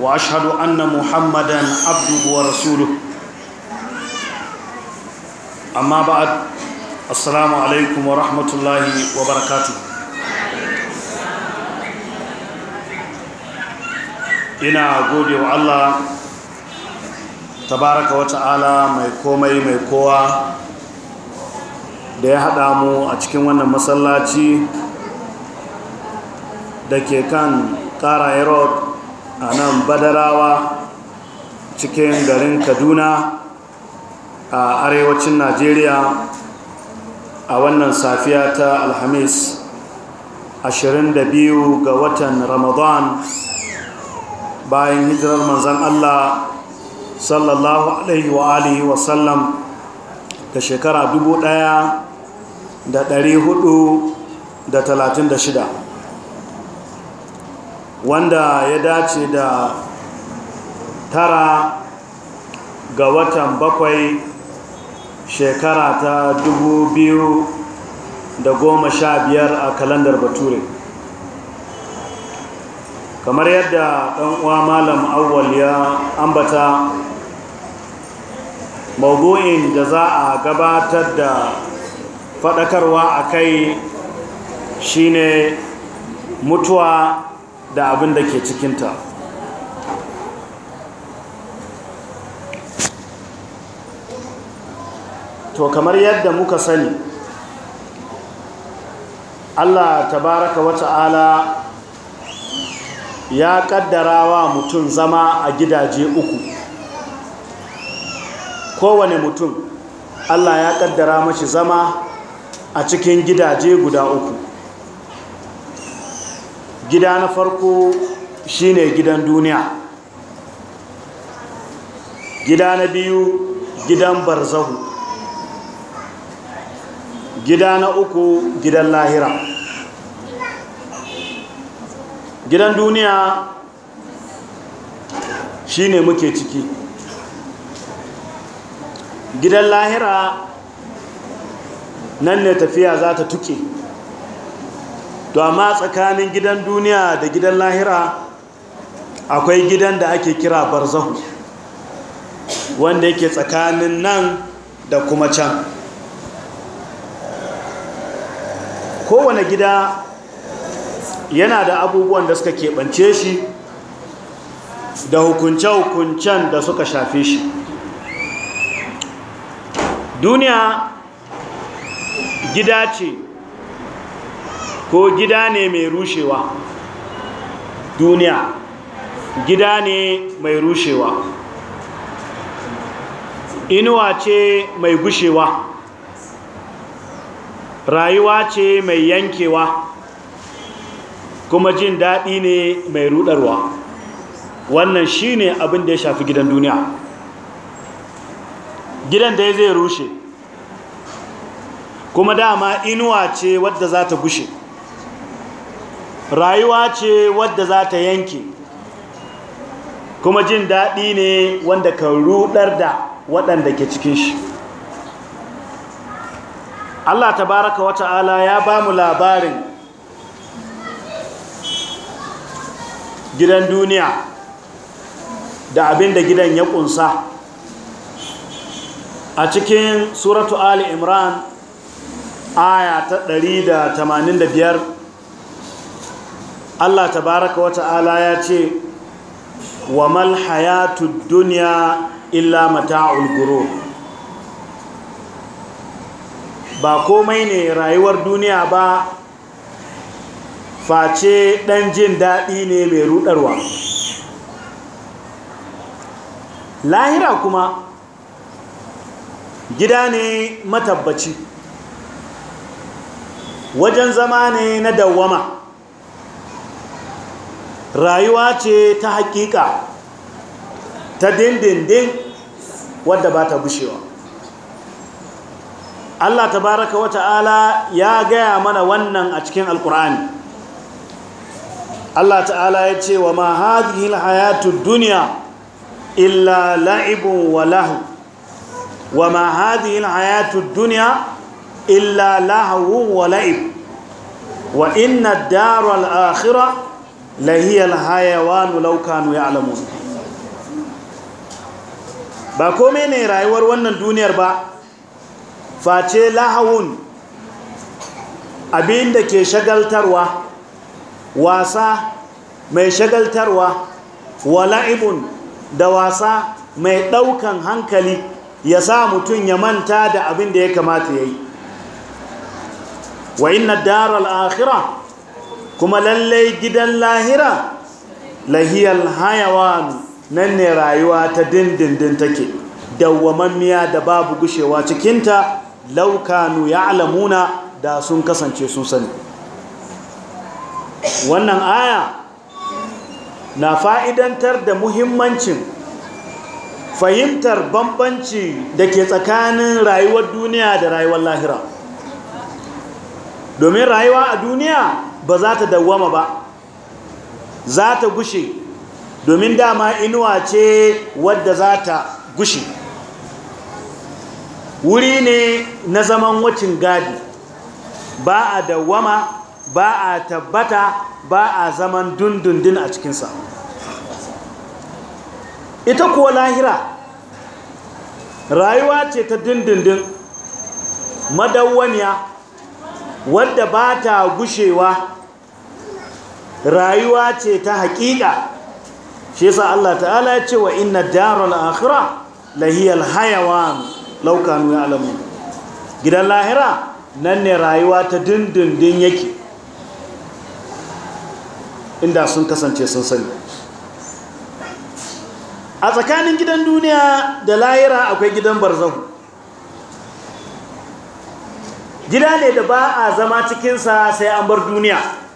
واشهد ان محمدا عبده ورسوله اما بعد السلام عليكم ورحمه الله وبركاته ina gode wa Allah tabaraka wa ta'ala mai komai mai kowa da ya haɗa mu a cikin wannan masallaci da ke kan ƙara road a nan badarawa cikin garin kaduna a arewacin najeriya a wannan safiya ta alhamis 22 ga watan ramadan bayan hijirar manzan allah sallallahu alaihi wa alihi ɗaya da shekara 1436 wanda ya dace da tara ga watan bakwai shekara ta dubu biyu da goma sha biyar a kalandar bature kamar yadda uwa malam auwal ya ambata maudu'in da za a gabatar da faɗakarwa a kai shine mutuwa da abin da ke cikinta to kamar yadda muka sani Allah tabaraka wa ala ya kaddara wa mutum zama a gidaje uku kowane mutum Allah ya kaddara mashi zama a cikin gidaje guda uku gida na farko shine gidan duniya gida na biyu gidan barzahu gida na uku gidan lahira gidan duniya shine muke ciki gidan lahira nan ne tafiya za ta tuke to amma tsakanin gidan duniya da gidan lahira akwai gidan da ake kira barzahu wanda yake tsakanin nan da kuma can kowane gida yana da abubuwan da suka keɓance shi da hukunce-hukuncen da suka shafe shi duniya gida ce ko gida ne mai rushewa duniya gida ne mai rushewa inuwa ce mai gushewa rayuwa ce mai yankewa kuma jin daɗi ne mai rudarwa wannan shi ne abin da ya shafi gidan duniya gidan da ya zai rushe kuma dama inuwa ce wadda za ta gushe rayuwa ce wadda za ta yanke kuma jin daɗi ne wanda kan rudar da waɗanda ke cikin shi Allah ta baraka wa ta'ala ya ba mu labarin gidan duniya da abinda gidan ya ƙunsa. a cikin suratu ali imran aya ta 185 Allah tabaraka wa ta'ala ya ce wa mal hayatu dunya illa mata'ul gurur ba komai ne rayuwar duniya ba face dan jin daɗi ne mai rudarwa lahira kuma gida ne matabbaci wajen zama ne na dawwama rayuwa ce ta hakika ta dindindin wadda ba ta gushewa Allah tabaraka wa ta'ala ya gaya mana wannan a cikin alkur'ani Allah ta'ala ya ce wa ma hadhihi alhayatud dunya illa la'ibun wa lahu wa ma hadhihi alhayatud dunya illa lahwun wa la'ib wa inna ad-dara al-akhirah lahiyal hayawanu laukanu ya alamu ba komai ne rayuwar wannan duniyar ba face lahawun abin da ke shagaltarwa wasa mai shagaltarwa wala'ibun da wasa mai ɗaukan hankali ya sa mutum ya manta da abin da ya kamata ya yi wa inna darar akhira kuma lallai gidan lahira lahiyar hayawan nan ne rayuwa ta dindindin take dawwamammiya da babu gushewa cikinta laukanu ya alamuna da sun kasance sun sani wannan aya na fa'idantar da muhimmancin fahimtar bambanci da ke tsakanin rayuwar duniya da rayuwar lahira domin rayuwa a duniya ba za ta dawwama ba za ta gushe domin dama inuwa ce wadda za ta gushe wuri ne na zaman wacin gadi ba a dawwama ba a tabbata ba a zaman dundundun a cikinsa ita kuwa lahira rayuwa ce ta dindindin madawwaniya wadda ba ta gushewa rayuwa ce ta haƙiƙa shi yasa Allah ta'ala ya ce wa inna daral akhirah lahiyal hayawan law ya alamu gidan lahira nan ne rayuwa ta dindindin yake inda sun kasance sun sani a tsakanin gidan duniya da lahira akwai gidan barzahu gida ne da ba a zama cikinsa sai an bar duniya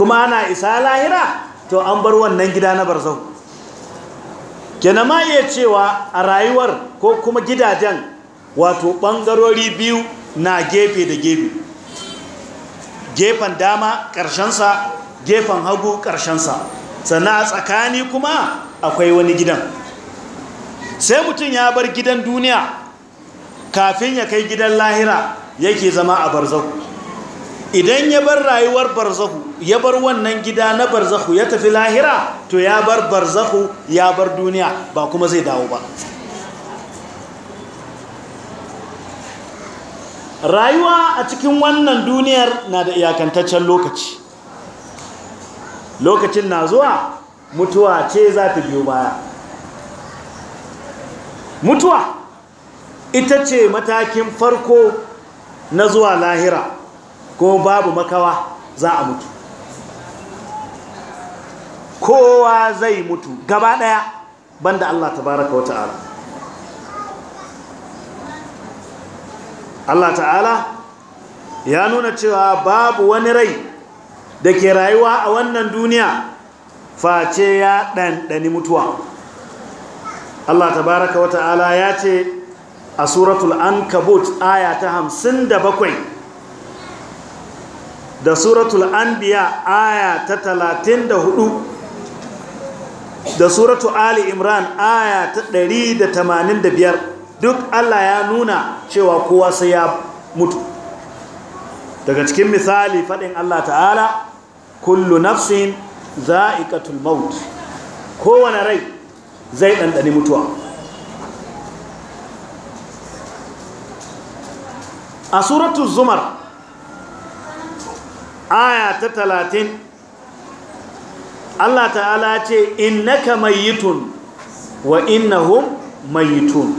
kuma ana isa lahira to an bar wannan gida na barzau kenan ma iya cewa a rayuwar ko kuma gidajen wato ɓangarori biyu na gefe da gefe gefen dama ƙarshensa gefen hagu ƙarshensa sannan a tsakani kuma akwai wani gidan sai mutum ya bar gidan duniya kafin ya kai gidan lahira yake zama a barzau idan ya bar rayuwar barzahu ya bar wannan gida na barzahu ya tafi lahira to ya bar barzahu ya bar duniya ba kuma zai dawo ba rayuwa a cikin wannan duniyar na da iyakantaccen lokaci lokacin na zuwa mutuwa ce za ta biyo baya mutuwa ita ce matakin farko na zuwa lahira ko babu makawa za a mutu kowa zai mutu gaba daya banda Allah tabaraka wa ta'ala Allah ta'ala ya nuna cewa babu wani rai da ke rayuwa a wannan duniya face ya ɗanɗani mutuwa Allah tabaraka wa ta'ala ya ce a suratul ankabut aya ta hamsin da bakwai da suratul anbiya aya ta talatin da suratul ali imran aya ta biyar. duk Allah ya nuna cewa kowa sai ya mutu daga cikin misali faɗin Allah ta'ala kullu nafsin za'iqatul maut kowane rai zai ɗanɗani mutuwa a suratul zumar aya ta talatin Allah ta'ala ce innaka mayyitun wa innahum mayyitun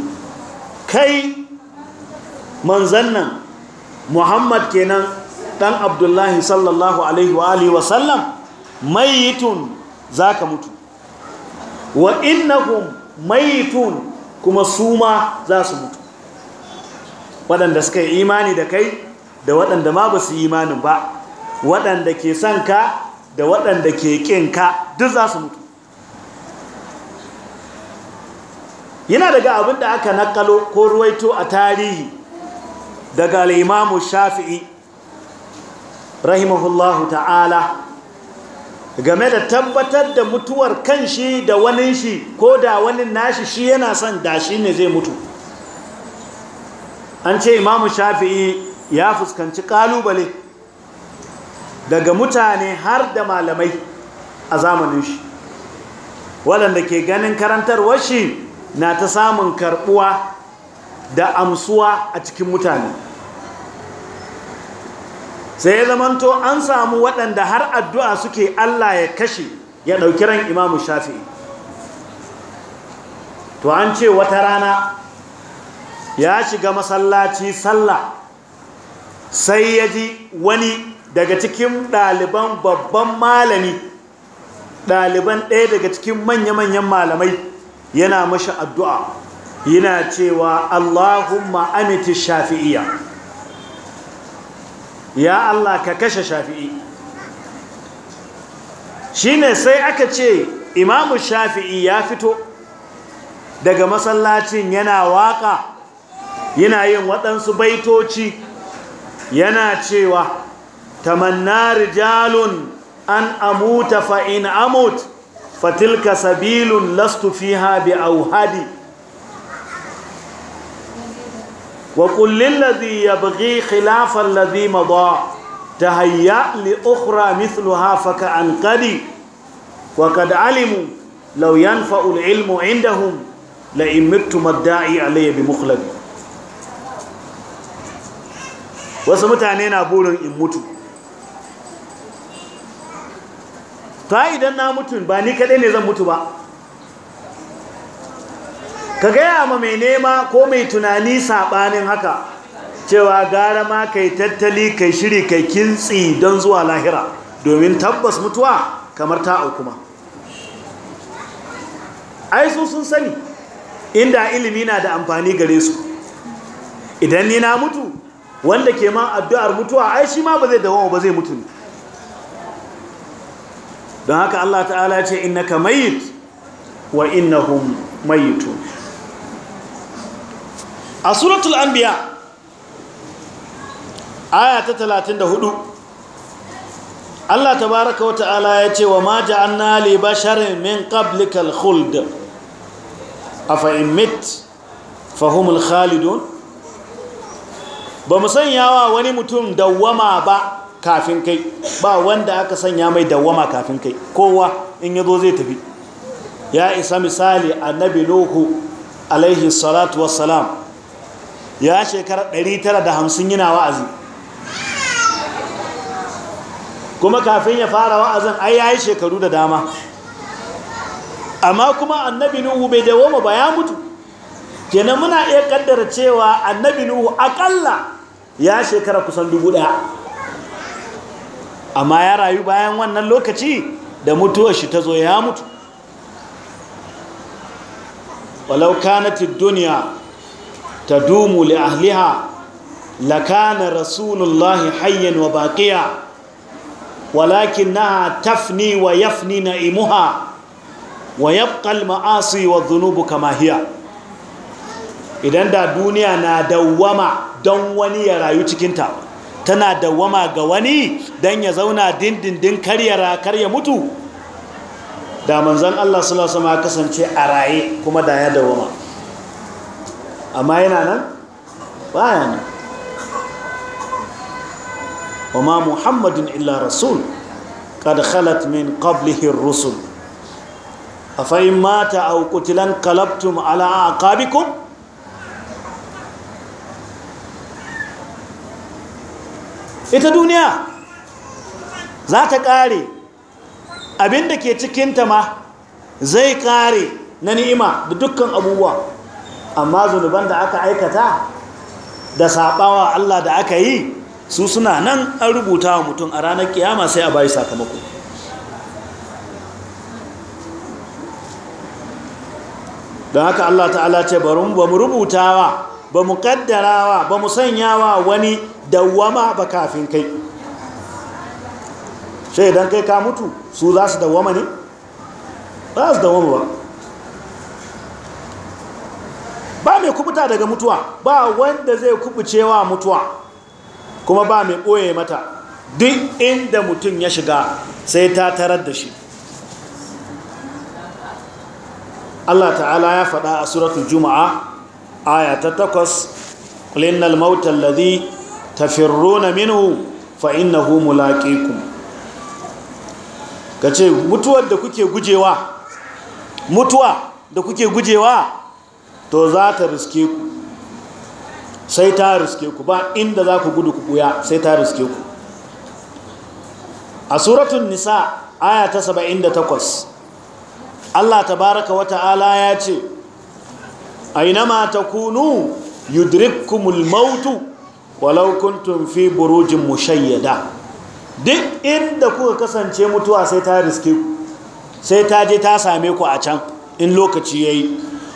kai manzan Muhammad kenan ɗan Abdullahi sallallahu alaihi wa alihi wa sallam za zaka mutu wa innahum tun kuma suma za su mutu waɗanda suka yi imani da kai da waɗanda ma ba su yi imanin ba waɗanda ke son ka da waɗanda ke ƙin ka duk za su mutu yana daga abin da aka nakalo ko ruwaito a tarihi daga al'imamu shafi'i rahimahullahu ta'ala game da tabbatar da mutuwar kan shi da wani shi ko da wani nashi shi yana son da shi ne zai mutu an ce imamu shafi'i ya fuskanci ƙalubale daga mutane har da malamai a zamanin shi waɗanda ke ganin karantarwar shi na ta samun karɓuwa da amsuwa a cikin mutane sai ya zamanto an samu waɗanda har addu'a suke Allah ya kashe ya ɗauki ran imamu shafi to an ce wata rana ya shiga masallaci sallah sai ya ji wani daga cikin ɗaliban babban malami ɗaliban ɗaya daga cikin manya-manyan malamai yana mashi addu'a yana cewa Allahumma amiti shafi'iya ya Allah ka kashe shafi'i shine sai aka ce imamu shafi'i ya fito daga masallacin yana waka yana yin waɗansu baitoci yana cewa تمنى رجال أن أموت فإن أموت فتلك سبيل لست فيها بأوهدي وقل للذي يبغي خلاف الذي مضى تهيأ لأخرى مثلها فكأنقدي وقد علموا لو ينفع العلم عندهم لئن مت الداعي علي بمخلد wasu mutane na ان متوا ta idan na mutu ba ni kaɗai ne zan mutu ba ka gaya ma mai nema ko mai tunani saɓanin haka cewa gara ma kai tattali kai shiri kai kintsi don zuwa lahira domin tabbas mutuwa kamar ta aukuma ai su sun sani inda ilimi na da amfani gare su idan ni na mutu wanda ke ma addu'ar mutuwa ai shi ma ba zai dawo ba zai mutu ne don haka Allah ta'ala ce innaka mayit wa innahum mayitun a suratul anbiya aya ta 34 Allah tabaraka wa ta'ala ya ce wa ma ja'anna li basharin min qablikal khuld afa in mit fahumul khalidun ba mu sanya wa wani mutum dawwama ba kafin kai ba wanda aka sanya mai dawama kafin kai kowa in yazo zai tafi ya isa misali annabi nuhu alaihi salatu wassalam ya shekarar 950 yana wa'azi kuma kafin ya fara wa'azin ai yayi shekaru da dama amma kuma annabi nuhu bai dawoma ba ya mutu kenan muna iya kaddara cewa annabi nuhu akalla ya shekara kusan dubu daya amma ya rayu bayan wannan lokaci da mutuwar shi ta zo ya mutu walau kanatid duniya ta dumu li ahliha lakana rasulullahi hayyan wa baqiya ولكنها تفني ويفني نائمها maasi wa dhunubu zunubu hiya idan da duniya na dawwama don wani ya rayu cikinta tana dawwama ga wani don ya zauna dindindin karyara karya mutu da manzan Allah su salasa ma kasance a raye kuma da ya dawama. amma yana nan baya nan wama muhammadin illa rasul kad khalat min qablihir rusul afa in mata aw qutilan qalabtum ala aqabikum ita duniya za ta ƙare abinda ke cikinta ma zai ƙare na ni'ima da dukkan abubuwa amma zunuban da aka aikata da saɓawa Allah da aka yi su suna nan an rubuta wa mutum a ranar kiyama sai a bayi sakamako don haka Allah ta'ala ce bari ba mu rubuta wa ba mu kaddarawa ba mu sanyawa wani dawwama ba kafin kai shaidan kai ka mutu su za su dawwama ne za su dawwama ba ba mai kubuta daga mutuwa ba wanda zai kubucewa mutuwa kuma ba mai ɓoye mata duk inda mutum ya shiga sai ta tarar da shi Allah ta'ala ya faɗa a suratul juma'a aya ta takwas ƙulinnal mautar lazi tafirruna minu fa innahu mulaqikum ce mutuwar da kuke gujewa mutuwa da kuke gujewa to za ta riske ku sai ta riske ku ba inda za ku gudu ku buya sai ta riske ku a suratun nisa aya ta 78 Allah ta baraka wata ala ya ce A ina يدرككم الموت yudrikumulmautu? كنتم fi burujin mushayyada. duk inda kuka kasance mutuwa sai ta riske ku sai ta je ta same ku a can in lokaci yayi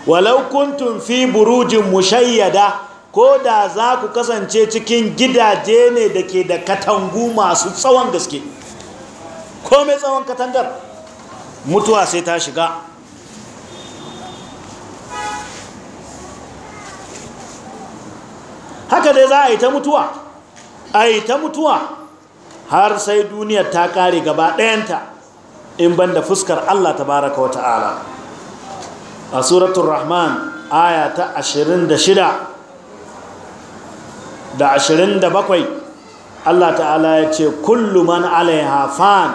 walau kuntum fi burujin mushayyada ko da za ku kasance cikin gidaje ne da ke da katangu masu tsawon gaske ko mai tsawon katangar mutuwa sai ta shiga haka dai za a yi ta mutuwa a yi ta mutuwa har sai duniyar ta kare gaba ɗayanta in ban da fuskar Allah tabaraka wa ta'ala a suratun rahman aya ta 26 da 27 Allah ta'ala ya ce kullum man alaiha fan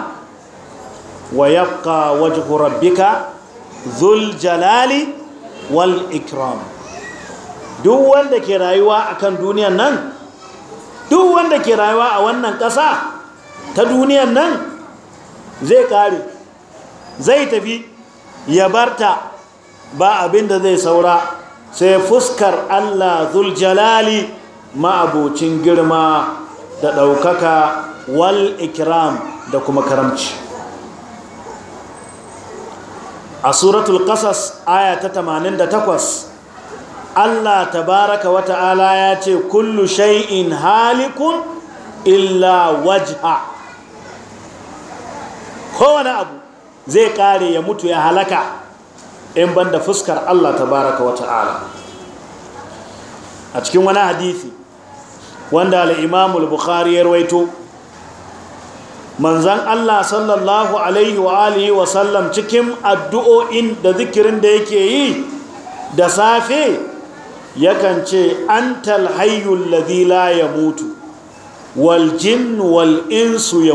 wa yabqa wajhu rabbika zul jalali wal ikram duk wanda ke rayuwa a kan duniyan nan duk wanda ke rayuwa a wannan ƙasa ta duniyan nan zai ƙare zai tafi ya barta ba abin da zai saura sai fuskar Allah zuljalali ma'abocin girma da ɗaukaka wal ikram da kuma karamci a suratul ƙasas aya ta 88 Allah tabaraka wa ta'ala ya ce kullu shay'in halikun illa wajha kowane abu zai kare ya mutu ya halaka in banda fuskar Allah tabaraka wa ta'ala a cikin wani hadisi wanda al-Imam al-Bukhari ya rawaito manzon Allah sallallahu alaihi wa alihi wa sallam cikin addu'o'in da zikirin da yake yi da safe yakan ce antal talhayyul ladhi la mutu, wal jin wal insu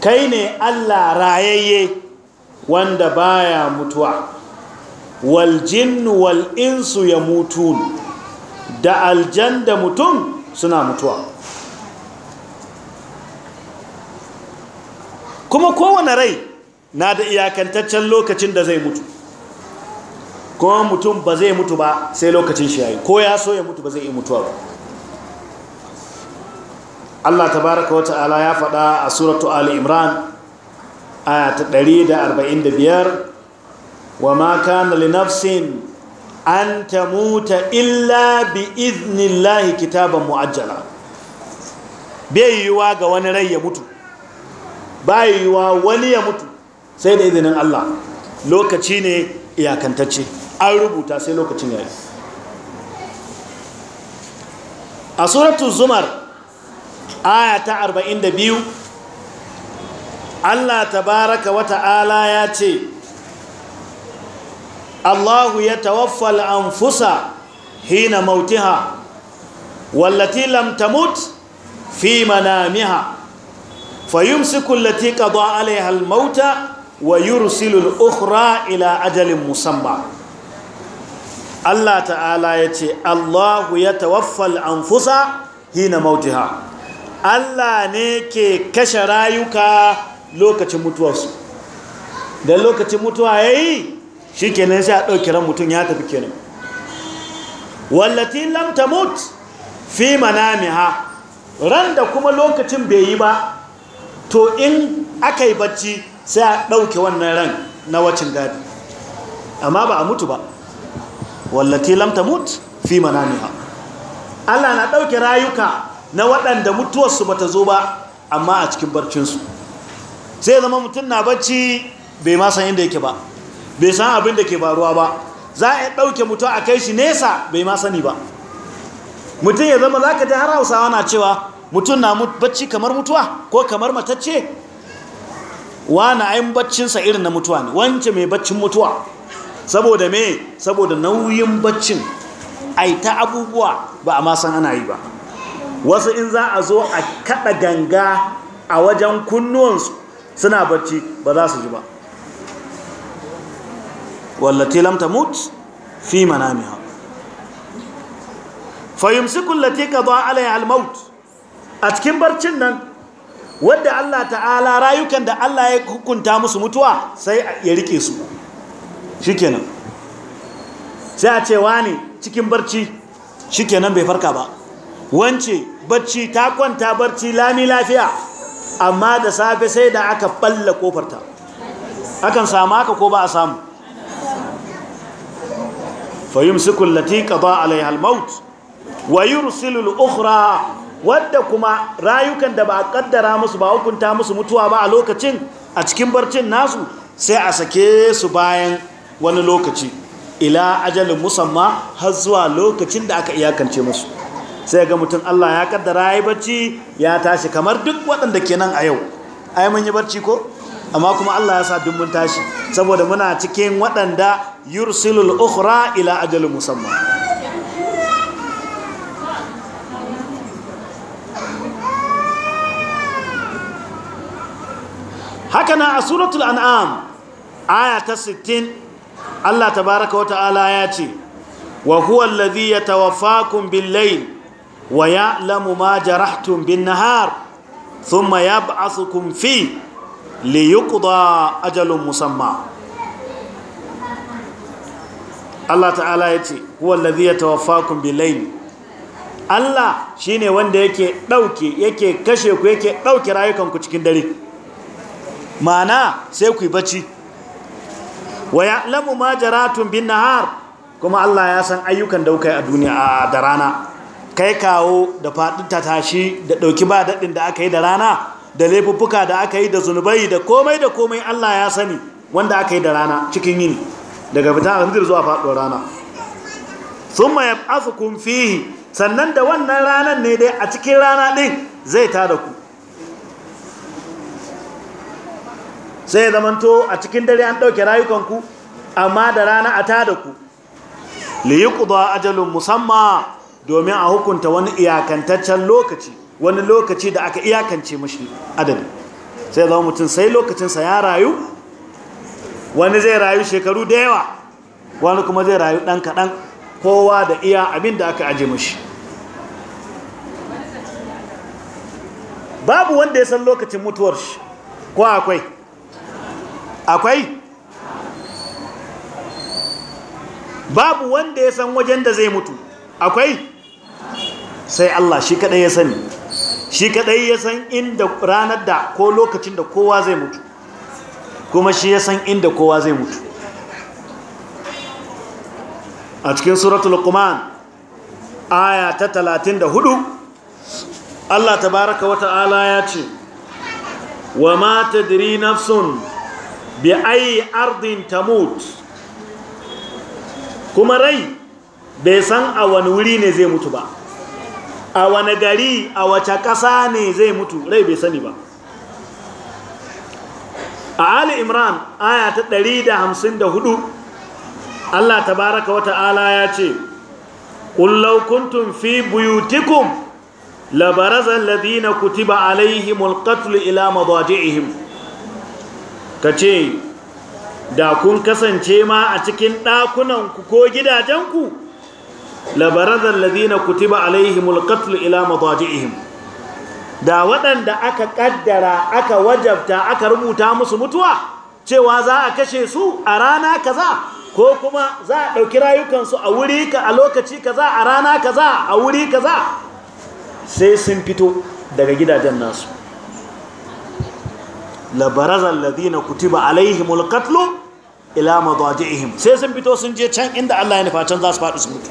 kai ne Allah rayayye wanda baya mutuwa wal jin wal insu da aljan da mutum suna mutuwa kuma kowane rai na da iyakantaccen lokacin da zai mutu kuma mutum ba zai mutu ba sai lokacin shi yayi ko ya so ya mutu ba zai iya mutuwa ba Allah tabaraka wa ta'ala ya faɗa a suratu Ali Imran aya ta 145 wa ma kana li nafsin an tamuta illa bi idnillahi kitaban mu'ajjala bai yiwuwa ga wani rai ya mutu bai yiwuwa wani ya mutu sai da izinin Allah lokaci ne iyakantacce an rubuta sai lokacin yayi a suratu zumar aya ta 42 Allah tabaraka wa ta'ala ya ce Allahu ya tawaffal anfusa hina mautiha wallati lam tamut fi manamiha fayumsiku allati qada alaiha almauta wa yursilu al-ukhra ila ajalin musamma Allah ta'ala ya ce Allahu ya tawaffal anfusa hina mautiha Allah ne ke kashe rayuka lokacin mutuwarsu da lokacin mutuwa ya yi shi kenan sai a ɗauki ran mutum ya tafi kenan wallati lam tamut fi manamiha ran da kuma lokacin bai yi ba to in aka yi bacci sai a ɗauke wannan ran na wacin gadi amma ba a mutu ba wallati lam mut fi manamiha Allah na ɗauke rayuka na waɗanda mutuwarsu bata zo ba amma a cikin barcinsu sai zama mutum na bacci bai ma san inda yake ba bai san abin da ke faruwa ba za a ɗauke mutuwa a kai shi nesa bai ma sani ba mutum ya zama zaka ka ji har hausawa na cewa mutum na bacci kamar mutuwa ko kamar matacce wani ayin baccinsa irin na mutuwa ne wance mai baccin mutuwa saboda me saboda nauyin baccin ai ta abubuwa ba a masan ana yi ba wasu in za a zo a kada ganga a wajen kunnuwansu suna bacci ba za su ji ba wallati lam tamut fi manamiha ka allati qada alaiha almaut a cikin barcin nan wadda Allah ta'ala rayukan da Allah ya hukunta musu mutuwa sai ya rike su kenan sai a ce wani cikin barci shikenan bai farka ba wance barci ta kwanta barci lami lafiya amma da safe sai da aka balla kofarta akan samu haka ko ba a samu fayumsikul lati qada alaiha al-maut wa yursilul ukhra wadda kuma rayukan da ba a kaddara musu ba hukunta musu mutuwa ba a lokacin a cikin barcin nasu sai a sake su bayan wani lokaci ila ajalin musamma har zuwa lokacin da aka iyakance musu sai ga mutum Allah ya kaddara yi barci ya tashi kamar duk waɗanda ke nan a yau ai mun yi barci ko amma kuma Allah ya sa duk mun tashi saboda muna cikin waɗanda yursilul ukhra ila ajalin musamma haka na a suratul an'am aya ta 60 Allah tabaraka wa ta'ala ya ce wa huwa alladhi yatawaffakum bil-layl wa ya'lamu ma jarahtum bin-nahar thumma yab'athukum fi liyuqda ajalun musamma Allah ta'ala ya ce huwa alladhi yatawaffakum bil-layl Allah shine wanda yake dauke yake kashe ku yake dauke rayukanku cikin dare ma'ana sai ku yi bacci wa ya'lamu ma jaratun bin nahar kuma Allah ya san ayyukan da kai a duniya a da rana kai kawo da faɗi ta tashi da ɗauki ba daɗin da aka yi da rana da laifuffuka da aka yi da zunubai da komai da komai Allah ya sani wanda aka yi da rana cikin yini daga fita alhamdulillah zuwa faɗuwar rana sun yab'athukum fihi sannan da wannan ranar ne dai a cikin rana ɗin zai tada ku sai ya zamanto a cikin dare an ɗauke rayukanku amma da rana a tada ku liyukuda ajalun musamma domin a hukunta wani iyakantaccen lokaci wani lokaci da aka iyakance mashi adadi sai zama mutum sai lokacinsa ya rayu wani zai rayu shekaru da yawa wani kuma zai rayu ɗan kaɗan kowa da iya abin da aka aje mashi babu wanda ya san lokacin mutuwar shi ko akwai akwai babu wanda ya san wajen da zai mutu akwai sai Allah shi kadai ya sani shi kadai ya san inda ranar da ko lokacin da kowa zai mutu kuma shi ya san inda kowa zai mutu a cikin suratul quman aya ta 34 Allah tabaaraka wa ta'ala ya ce wa ma tadri nafsun bi ayi ardin tamut kuma rai bai san a wani wuri ne zai mutu ba a wani gari a wace ƙasa ne zai mutu rai bai sani ba a ali imran aya ta 154 Allah tabaraka wa ta'ala ya ce qul law kuntum fi buyutikum labarazan alladhina kutiba alaihimul qatl ila madaji'ihim ka ce da kun kasance ma a cikin ɗakunanku ko gidajenku labarazan lazina kutiba alaihimul qatl ila madaji'ihim da waɗanda aka ƙaddara aka wajabta aka rubuta musu mutuwa cewa za a kashe su a rana kaza ko kuma za a ɗauki rayukansu a wuri ka a lokaci kaza a rana kaza a wuri kaza sai sun fito daga gidajen nasu labarazan ladina kutuba alaihimul qatlu ila madajihim sai sun fito sun je can inda Allah ya nufa can za su faɗi su mutu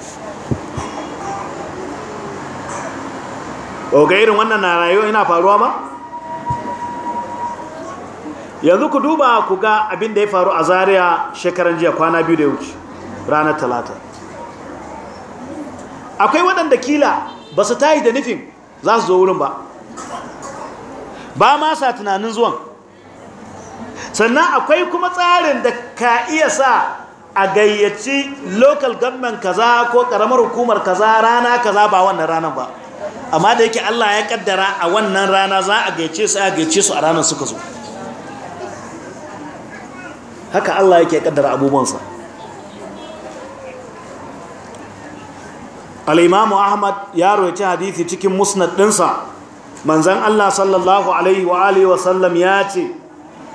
ga irin wannan na rayuwa ina faruwa ba yanzu ku duba ku ga abin da ya faru a Zariya shekaran jiya kwana biyu da ya wuce ranar talata akwai waɗanda kila ba su tayi da nufin za su zo wurin ba ba ma sa tunanin zuwan sannan akwai kuma tsarin da ka iya sa a gayyaci local government kaza ko karamar hukumar kaza rana kaza ba wannan rana ba amma da yake Allah ya kaddara a wannan rana za a gayyace su a gayyace su a ranar suka zo haka Allah yake kaddara abubuwansa al-imamu ahmad ya rawaita hadisi cikin musnad dinsa manzon Allah sallallahu alaihi wa alihi wa sallam ya ce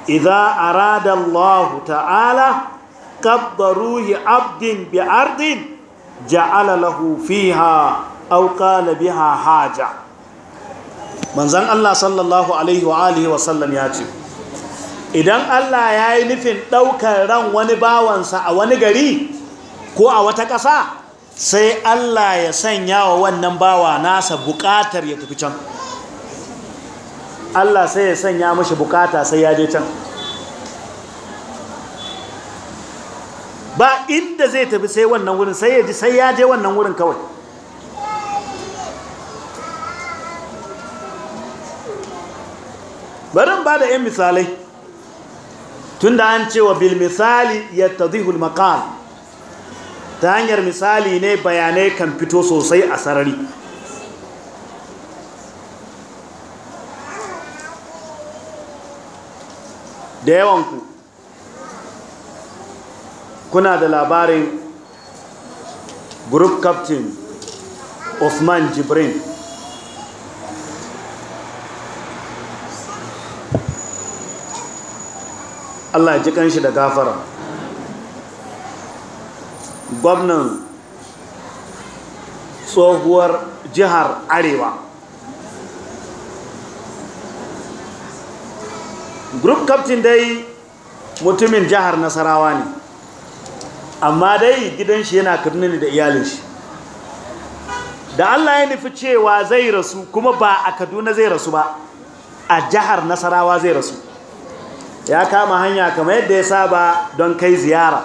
Iza arada Allah ta'ala qabda ruhi abdin bi ardin ja'ala lahu fiha aw biha haja manzon Allah sallallahu alaihi wa alihi wa sallam ya ce idan Allah ya yi nufin ɗaukar ran wani bawansa a wani gari ko a wata ƙasa sai Allah ya sanya wa wannan bawa nasa buƙatar ya tafi can Allah sai ya sanya mashi bukata sai ya je can ba inda zai tafi sai wannan wurin sai ya ji sai ya je wannan wurin kawai barin ba da 'yan misalai tun da an cewa bil misali ya tazihul makal ta hanyar misali ne bayanai kan fito sosai a sarari da yawanku kuna da labarin group captain Osman Jibrin Allah ji kanshi da gafara gwamnan tsohuwar jihar arewa group captain dai mutumin jihar nasarawa ne amma dai gidan shi yana ne da iyalin shi da Allah ya nufi cewa zai rasu kuma ba a kaduna zai rasu ba a jihar nasarawa zai rasu ya kama hanya kamar yadda ya saba don kai ziyara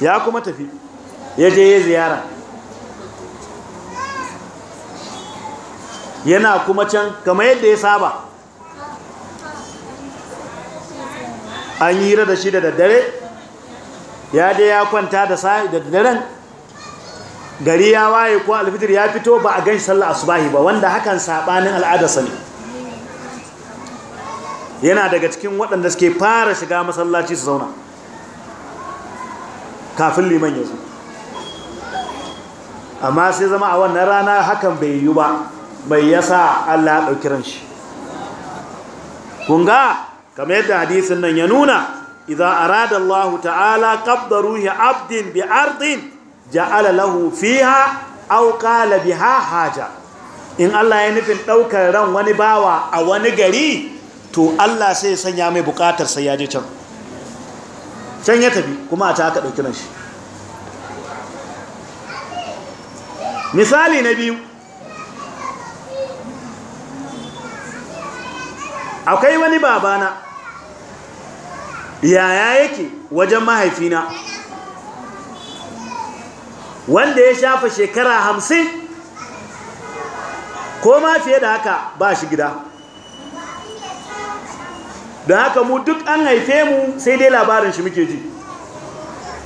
ya kuma tafi ya je ya ziyara yana kuma can kamar yadda ya saba an yi da shi da daddare ya dai ya kwanta da daddaren gari ya waye ko alfitir ya fito ba a gan shi sallar asubahi ba wanda hakan sabanin al'adarsa ne yana daga cikin waɗanda suke fara shiga masallaci su zauna kafin liman ya amma sai zama a wannan rana hakan bai yi ba bai yasa Allah ya ɗauki ran shi kunga kamar yadda hadisin nan ya nuna idan arada Allah ta'ala kabda ruhi abdin bi ardin ja'ala lahu fiha aw qala biha haja in Allah ya nufin daukar ran wani bawa a wani gari to Allah sai ya sanya mai bukatar sai ya je can can ya tafi kuma a ta aka dauki shi misali na biyu akwai wani babana yaya yake wajen mahaifina wanda ya shafa shekara hamsin ko ma fiye da haka ba shi gida da haka mu duk an haife mu sai dai labarin shi muke ji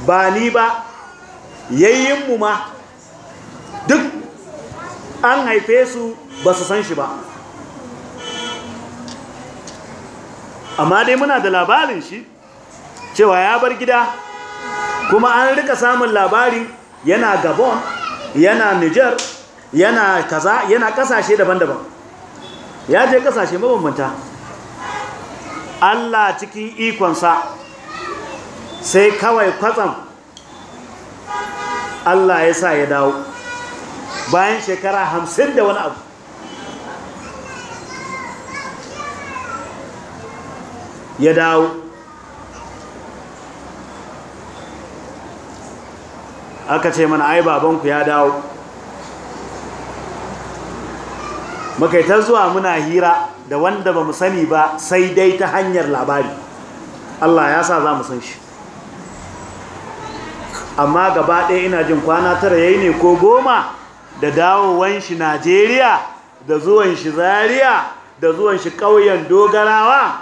ba ni ba yayyinmu ma duk an haife su ba su san shi ba amma dai muna da labarin shi cewa ya bar gida kuma an rika samun labarin yana gabon yana niger yana kaza yana kasashe daban-daban ya je kasashe mabambanta allah cikin ikonsa sai kawai kwatsam allah ya sa ya dawo bayan shekara hamsin da wani abu ya dawo aka ce mana ai babanku ya dawo muka ta zuwa muna hira da wanda ba mu sani ba sai dai ta hanyar labari Allah ya sa za mu san shi amma gaba ɗaya ina jin kwana tara yayi ne ko goma da dawowan shi Najeriya da zuwan shi Zaria da zuwan shi ƙauyen Dogarawa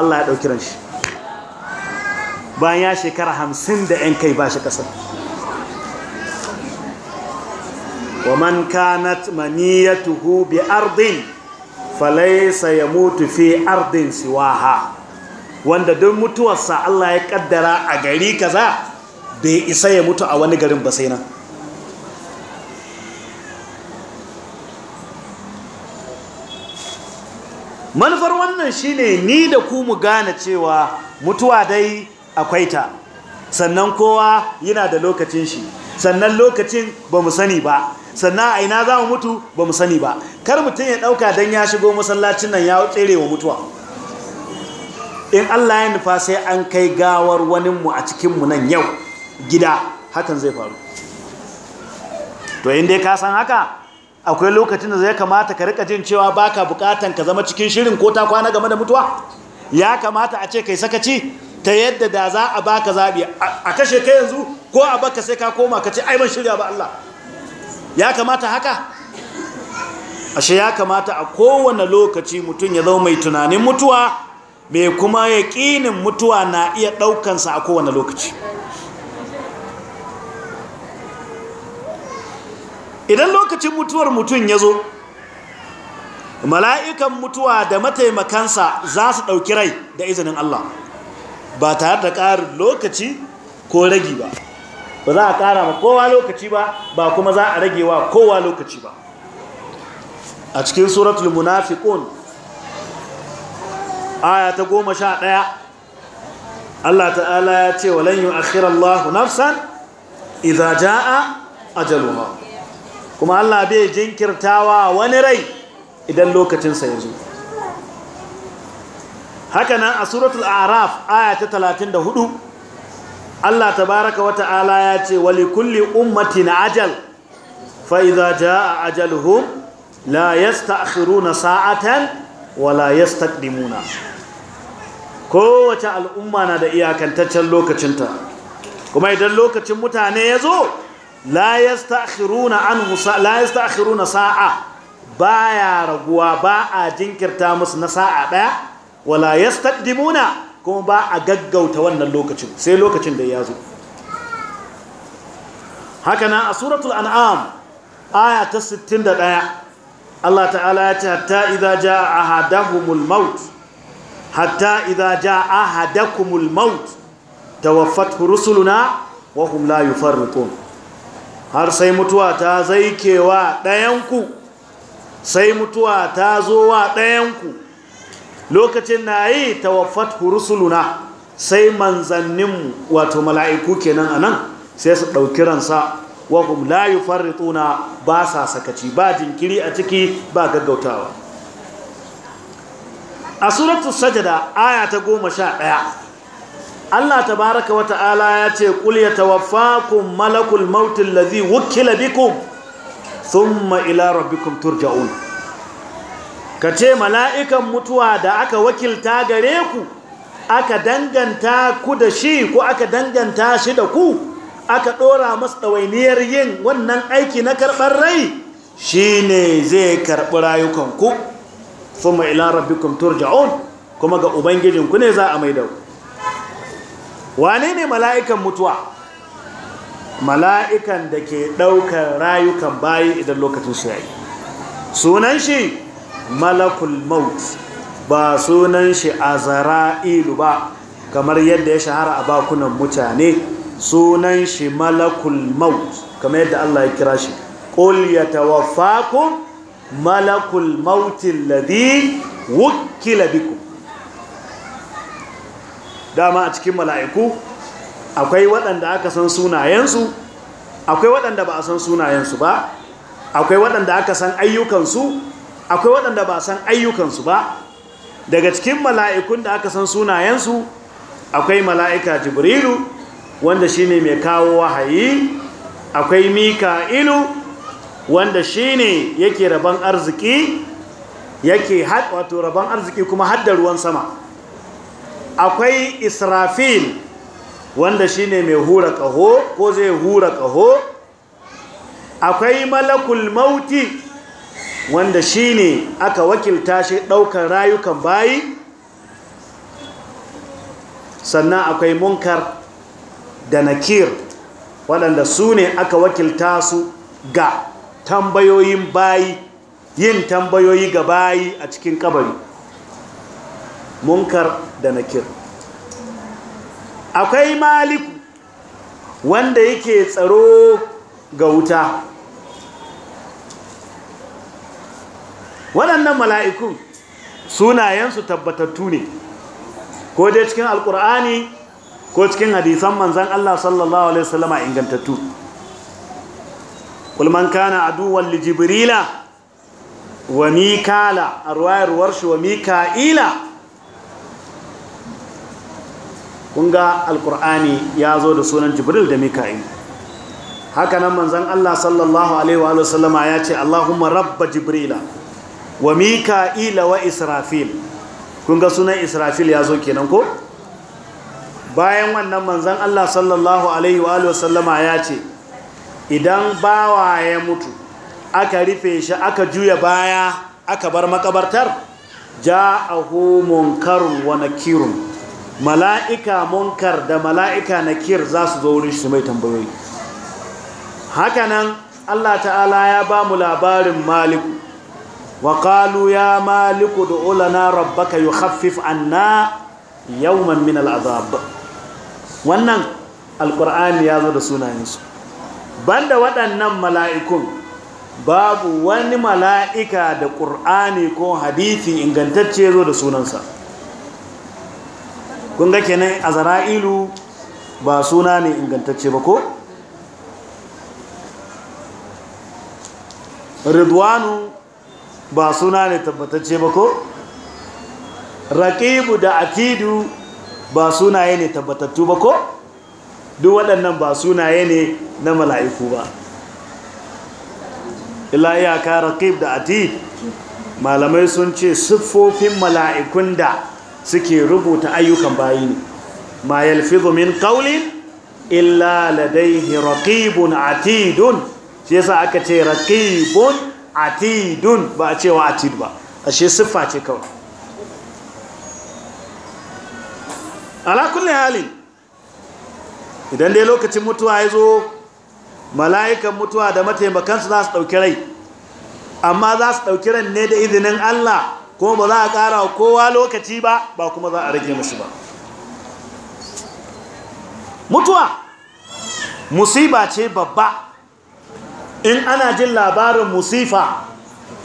Allah ya ɗauki ran shi bayan ya shekara hamsin da 'yan kai ba shi ƙasar wa man kanat maniyatuhu bi ardin falaysa yamutu fi ardin siwaha wanda don mutuwarsa Allah ya kaddara a gari kaza bai isa ya mutu a wani garin ba sai nan manufar wannan shine ni da ku mu gane cewa mutuwa dai akwai ta sannan kowa yana da lokacin shi sannan lokacin ba mu sani ba sannan a ina za mu mutu ba mu sani ba kar mutum ya ɗauka don ya shigo masallacin nan ya tsere wa mutuwa in Allah ya nufa sai an kai gawar waninmu a cikinmu nan yau gida hakan zai faru to inda ka san haka akwai lokacin da zai kamata ka rika jin cewa ka bukatan ka zama cikin shirin ko ta kwana game da mutuwa ya kamata a ce kai sakaci ta yadda da za a baka zaɓi a kashe ka yanzu ko a baka sai ka koma ka ce aiman shirya ba Allah ya kamata haka ashe ya kamata a kowane lokaci mutum ya zama mai tunanin mutuwa mai kuma yaƙinin mutuwa na iya ɗaukansa a kowane lokaci idan lokacin mutuwar mutum ya zo mala'ikan mutuwa da mataimakansa za su ɗauki rai da izinin Allah ba tare da ƙarin lokaci ko ragi ba ba za a ƙara ma kowa lokaci ba ba kuma za a rage wa kowa lokaci ba a cikin suratul munafiqun aya ta goma ɗaya Allah ta'ala ya ce walan yi Allahu nafsan idza ja'a ajaluha kuma Allah bai jinkirtawa wani rai idan lokacinsa ya zo haka nan a suratul araf aya ta 34 Allah tabaraka wata ala ya ce wali kulli ummatin ajal fa idza jaa ajaluhum la yasta'khiruna sa'atan wa la yastaqdimuna kowace al'umma na da iyakantaccen lokacinta kuma idan lokacin mutane ya zo la yasta'khiruna anhu la yasta'khiruna sa'a baya raguwa ba a jinkirta musu na sa'a daya wala yastaqdimuna kuma ba a gaggauta wannan lokacin sai lokacin da ya zo haka na a suratul an'am aya ta 61 Allah ta'ala ya ce hatta idza jaa ahadakumul maut hatta idza jaa ahadakumul maut tawaffathu rusuluna wa hum la yufarriqun har sai mutuwa ta zaikewa ɗayanku sai mutuwa ta zo wa ɗayanku lokacin na yi tawaffat rusuluna sai manzannin wato mala'iku kenan a nan sai su ɗauki ransa wahum la yufarrituna ba sa sakaci ba jinkiri a ciki ba gaggautawa a suratu sajada aya ta goma sha ɗaya Allah tabaraka baraka wata'ala ya ce ƙul ya tawaffakum malakul mautin lazi wukila sun ma'ila rabbi rabbikum turja'un ka ce mala'ikan mutuwa da aka wakilta gare ku aka danganta ku da shi ko aka danganta shi da ku aka ɗora masu ɗawainiyar yin wannan aiki na karɓar rai shi ne zai karɓi rayukanku kuma rabbi rabbikum turja'un kuma ga ubangijinku ne za a maida wane ne mala'ikan mutuwa mala'ikan da ke ɗaukar rayukan bayi idan lokacin su yayi sunan shi malakul maut ba sunan shi azara'ilu ba kamar yadda ya shahara a bakunan mutane sunan shi malakul maut kamar yadda Allah ya kira shi qul yatawaffakum malakul maut alladhi wukkila bikum dama a cikin mala'iku akwai waɗanda aka san sunayensu akwai waɗanda ba a san sunayensu ba akwai waɗanda aka san ayyukansu akwai waɗanda ba san ayyukansu ba daga cikin mala'ikun da aka san sunayensu akwai mala'ika jibrilu wanda shi ne mai kawo wahayi akwai mika'ilu wanda shi ne yake rabon arziki yake wato rabon arziki kuma hadda ruwan sama akwai israfil wanda shi ne mai hura ƙaho ko zai hura ƙaho akwai malakul mauti wanda shi ne aka wakilta shi ɗaukar rayukan bayi sannan akwai munkar da nakir waɗanda su ne aka wakilta su ga tambayoyin bayi yin tambayoyi ga bayi a cikin ƙabari. munkar da nakir akwai maliku wanda yake tsaro ga wuta waɗannan mala'ikun sunayensu tabbatattu ne ko dai cikin Alƙur'ani, ko cikin hadisan manzan Allah sallallahu alaihi wasallama ingantattu kulman kana aduwan li jibrila wa mikala a ruwayarwar shi wa mika'ila ga Alƙur'ani ya zo da sunan jibril da mika'il nan manzan Allah sallallahu alaihi wasallama ya ce Allahumma rabba jibrila wa mika'ila wa israfil kun ga sunan israfil ya zo kenan ko bayan wannan manzan Allah sallallahu alaihi wa sallama ya ce idan bawa ya mutu aka rufe shi aka juya baya aka bar makabartar ja'ahu munkarun wa nakirun mala'ika munkar da mala'ika nakir za su zo wurin shi mai tambayoyi Haka nan, Allah ta'ala ya ba mu labarin maliku wa qalu ya maliku du'u lana rabbaka yukhaffif yau yawman min al'azab wannan alqur'ani ya zo da sunayensu banda waɗannan mala'ikun babu wani mala'ika da ƙur'ani ko hadithi ingantacce zo da sunansa kun ga kenan a zara'ilu ba suna ne ingantacce ba ko? ridwanu ba suna ne tabbatacce ba ko raqibu da atidu ba sunaye ne tabbatattu ba ko duk waɗannan ba sunaye ne na mala'iku ba ila iyaka raqib da atid malamai sun ce siffofin mala'ikun da suke rubuta ayyukan bayi ne ma yalfizu min qawlin illa ladayhi raqibun atidun shi yasa aka ce raqibun atidun ba a cewa atid ba ashe siffa ce kawai ala kulli halin idan dai lokacin mutuwa ya zo mala'ikan mutuwa da mataimakansu za su ɗauki rai amma za su ɗauki ran ne da izinin Allah kuma ba za a ƙara wa kowa lokaci ba ba kuma za a rage musu ba mutuwa musiba ce babba in ana jin labarin musifa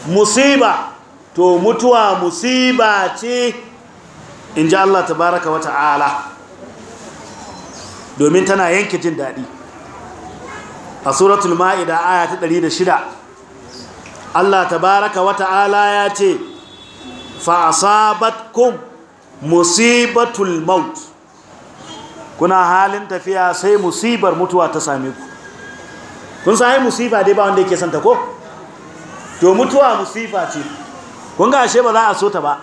musiba to mutuwa musiba ce in ji Allah tabaraka wata ala, domin tana yanke jin daɗi a suratul ma'ida aya ta 106 Allah tabaraka wata ala ya ce kun musibatul maut kuna halin tafiya sai musibar mutuwa ta same ku kun sa yi musifa dai ba wanda yake santa ko to mutuwa musifa ce kun ga ashe ba za a so ta ba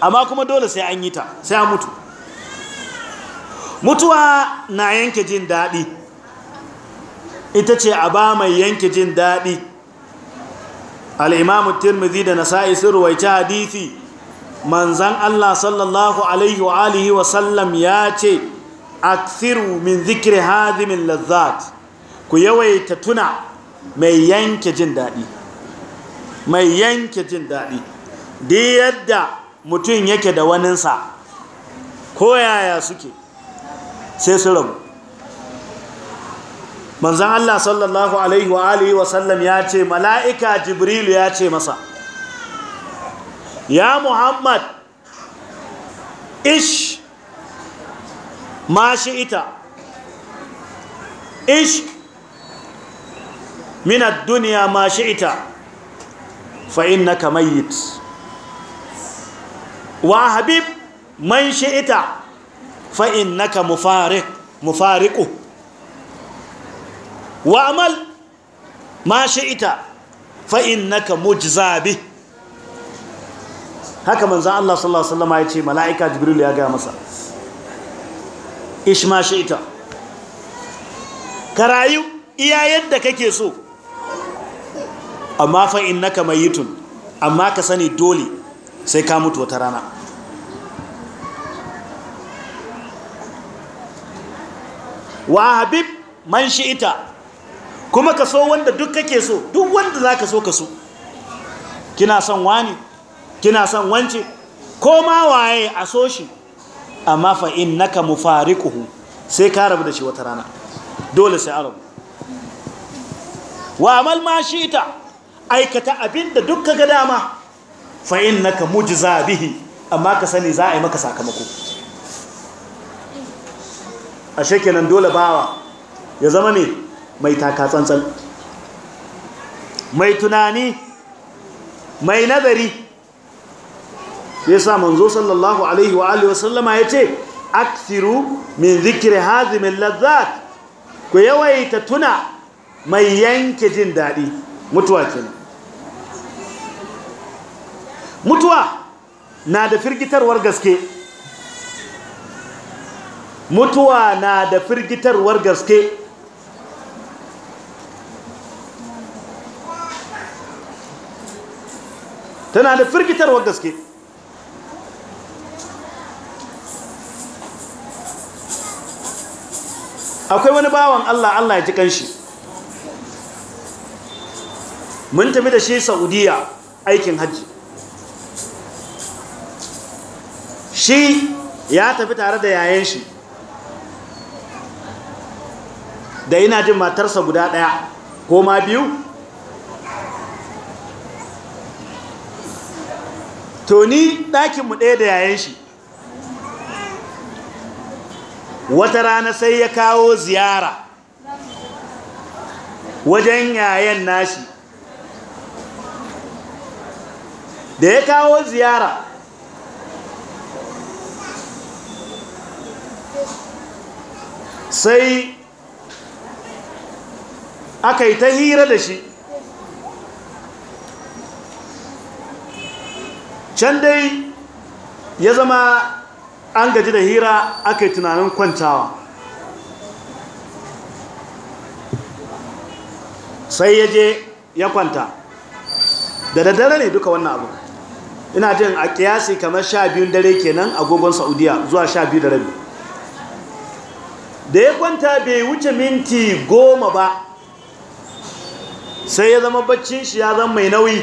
amma kuma dole sai an yi ta sai an mutu mutuwa na yanke jin daɗi ita ce a ba mai yanke jin daɗi al'imamu tirmidhi da nasa'i sun ruwaice hadithi manzan Allah sallallahu alaihi wa alihi ya ce akthiru min zikir hazimin lazzat ku yawaita tuna mai yanke jin daɗi mai yanke jin daɗi da yadda mutum yake da waninsa ko yaya suke sai su rabu manzan Allah sallallahu alaihi wa alihi wasallam ya ce mala'ika jibrilu ya ce masa ya muhammad ish ma ita ish min ad-dunya ma shi'ta fa innaka mayyit wa habib man shi'ta fa innaka mufariq mufariqu wa amal ma haka manzan Allah sallallahu Alaihi wasallama ya ce mala'ika jibril ya gaya masa ishma shi ita ka rayu iya yadda kake so amma fa innaka mayitun amma ka sani dole sai ka mutu wata rana wa habib man ita kuma ka so wanda duk kake so duk wanda za ka so ka so kina son wani kina son wance ko ma waye a so shi amma fa innaka mufariquhu sai ka rabu da shi wata rana dole sai arabu wa amal ma shi'ita aikata abin da duk ga dama fa innaka mujza bihi amma ka sani za a yi maka sakamako ashe kenan dole bawa ya zama ne mai taka tsantsan mai tunani mai nazari ya sa manzo sallallahu alaihi wa alihi wasallama ya ce aksiru min hazi hazimin lazzat ku yawaita tuna mai yanke jin daɗi mutuwa kenan mutuwa na da firgitarwar gaske mutuwa na da firgitarwar gaske tana da firgitarwar gaske akwai wani bawan Allah Allah ya ji kanshi mun tafi da shi Saudiya aikin hajji shi ya tafi tare da yayen shi da yana jin matarsa guda ɗaya ko ma biyu to ni ɗakinmu ɗaya da yayen shi wata rana sai ya kawo ziyara wajen yayan nashi da ya kawo ziyara sai aka yi ta hira da shi can dai ya zama an gaji da hira aka yi tunanin kwantawa sai ya je ya kwanta da daddare ne duka wannan abu ina jin a kiyasi kamar sha biyun dare kenan agogon saudiya zuwa sha biyu da rabi da ya kwanta bai wuce minti goma ba sai ya zama baccin shi ya zama mai nauyi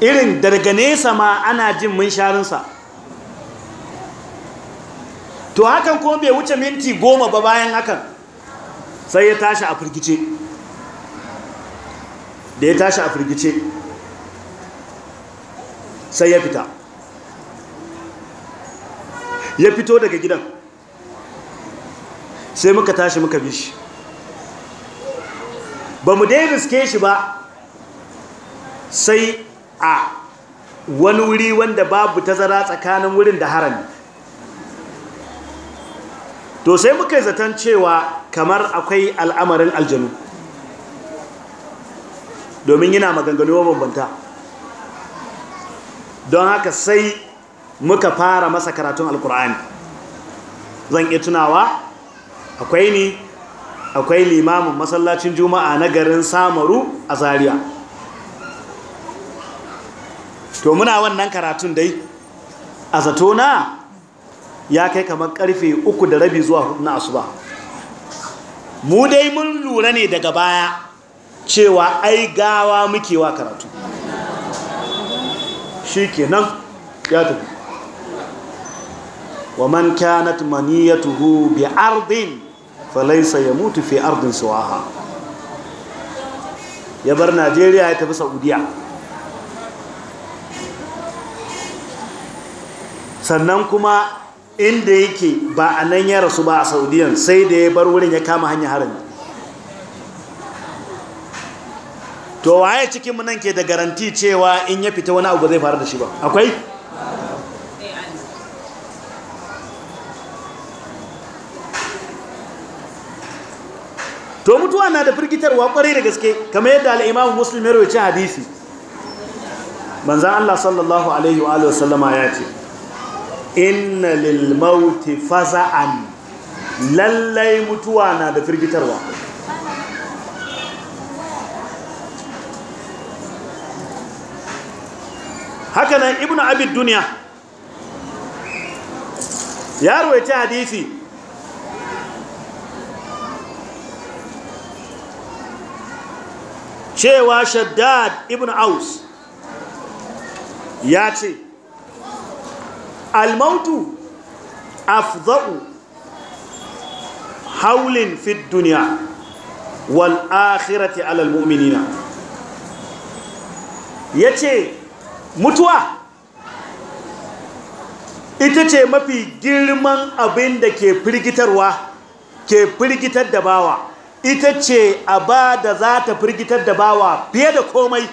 irin daga nesa ma ana jin munsharinsa to hakan kuma bai wuce minti goma ba bayan hakan sai ya tashi a firgice da ya tashi a firgice sai ya fita ya fito daga gidan sai muka tashi muka bi shi ba mu dai riske shi ba sai a wani wuri wanda babu tazara tsakanin wurin da harami to sai muka yi zaton cewa kamar akwai al'amarin aljanu domin yana maganganuwa bambanta don haka sai muka fara masa karatun alkur'ani zan iya tunawa akwai ni akwai limamin masallacin juma'a na garin samaru a Zariya. to muna wannan karatun dai a zato na ya kai kamar karfe uku da rabi zuwa hudu na asuba mu dai mun lura ne daga baya cewa ai gawa muke wa karatu shi ke nan, ya tafi wa man kanat maniyatuhu bi ardin ya mutu fi ardin suwaha ya bar Najeriya ya tafi Saudiya sannan kuma inda yake ba a nan ya rasu ba a saudiyan sai da ya bar wurin ya kama hanyar harin. to waye cikin nan ke da garanti cewa in ya fita wani abu zai faru da shi ba akwai to mutuwa na da firgitarwa kwarai da gaske kamar yadda al'imamu musulmi ya rawaci hadisi manzan Allah sallallahu alaihi wa wasallama ya ce inna lilmauti faza'an lallai mutuwa na da firgitarwa Hakanan nan ibnu abid duniya ya rawaci hadisi cewa shaddad ibn aus ya ce almautu afza'u haulin fi duniya wal akhirati alal mu'minina ya ce mutuwa ita ce mafi girman abin da ke firgitarwa ke firgitar da bawa ita ce a ba da za ta firgitar da bawa fiye da komai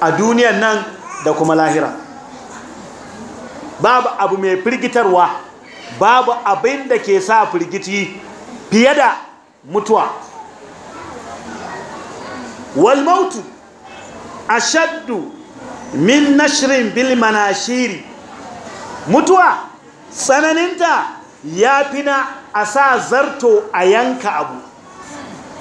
a duniyan nan da kuma lahira babu abu mai firgitarwa babu abin da ke sa firgiti fiye da mutuwa walmautu Shaddu, min nashirin bil shiri, mutuwa tsananinta ya fi na a sa zarto a yanka abu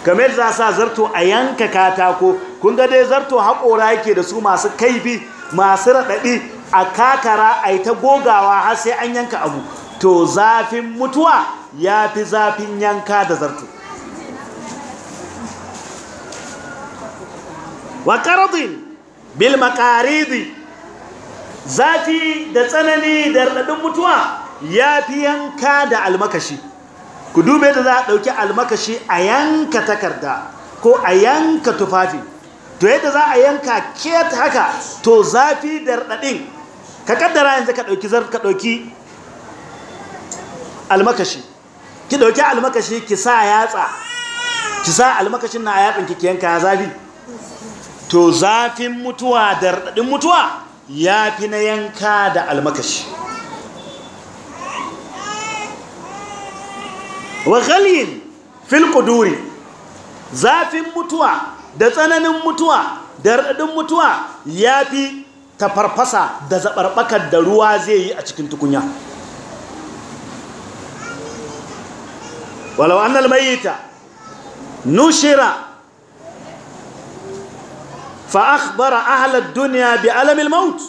kamar za sa zarto a yanka katako kun ga dai zarto haƙora yake da su masu kaifi masu raɗaɗi a kakara a ta gogawa har sai an yanka abu to zafin mutuwa ya fi zafin yanka da zarto wa bil makaridi zafi da tsanani da raɗaɗin mutuwa ya fi yanka da almakashi ku dube da za a ɗauki almakashi a yanka takarda ko a yanka tufafi to yadda za a yanka ket haka to zafi da raɗaɗin ka kaddara yanzu ka ɗauki zar ka almakashi ki ɗauki almakashi ki sa yatsa ki sa almakashin na a yatsin ki yanka zafi to zafin mutuwa da raɗaɗin mutuwa ya fi na yanka da almakashi wa ghaliyin fil quduri zafin mutuwa da tsananin mutuwa da radadin mutuwa yafi tafarfasa da zaɓarɓakar da ruwa zai yi a cikin tukunya walau annal mayyita nushira فأخبر أهل الدنيا بألم الموت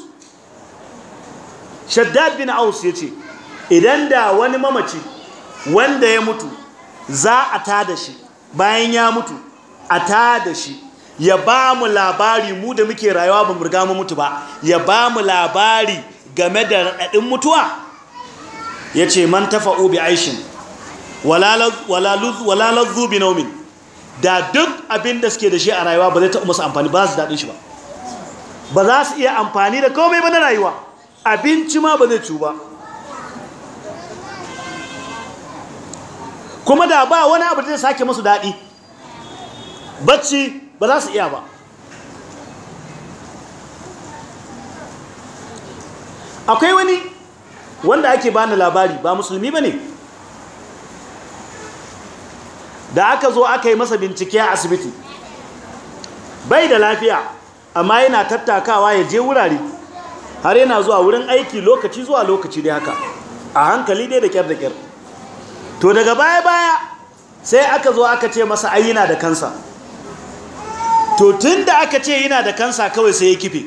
شداد bin أوس يتي Idan da wani mamaci. wanda ya mutu za a ta da shi bayan ya mutu a ta da shi ya ba mu labari mu da muke rayuwa ba riga mu mutu ba ya ba mu labari game da raɗaɗin mutuwa ya ce man tafa'u bi aishin walalar zubi naumin da duk abin da suke da shi a rayuwa ba zai taɓa masu amfani ba su daɗin shi ba ba za su iya amfani da komai ba na rayuwa abinci ma ba zai ciwu ba kuma da ba wani abu zai sake musu daɗi bacci ba za su iya ba akwai wani wanda ake bani labari ba musulmi ba ne da aka zo aka yi masa bincike a asibiti bai da lafiya amma yana tattakawa ya je wurare har yana zuwa wurin aiki lokaci zuwa lokaci dai haka a hankali dai da kyar da kyar to daga baya-baya sai aka zo aka ce masa ai yana da kansa to tun da aka ce yana da kansa kawai sai ya kife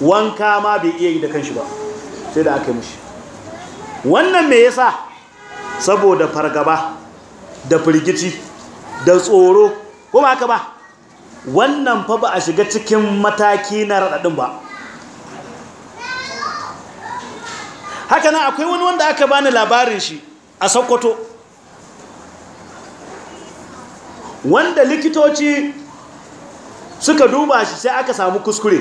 wanka ma bai iya yi da kanshi ba sai da aka yi mushi wannan me yasa saboda fargaba da firgici da tsoro kuma haka ba wannan fa ba a shiga cikin mataki na raɗaɗin ba haka nan akwai wani wanda aka bani labarin shi a sokoto wanda likitoci suka duba shi sai aka samu kuskure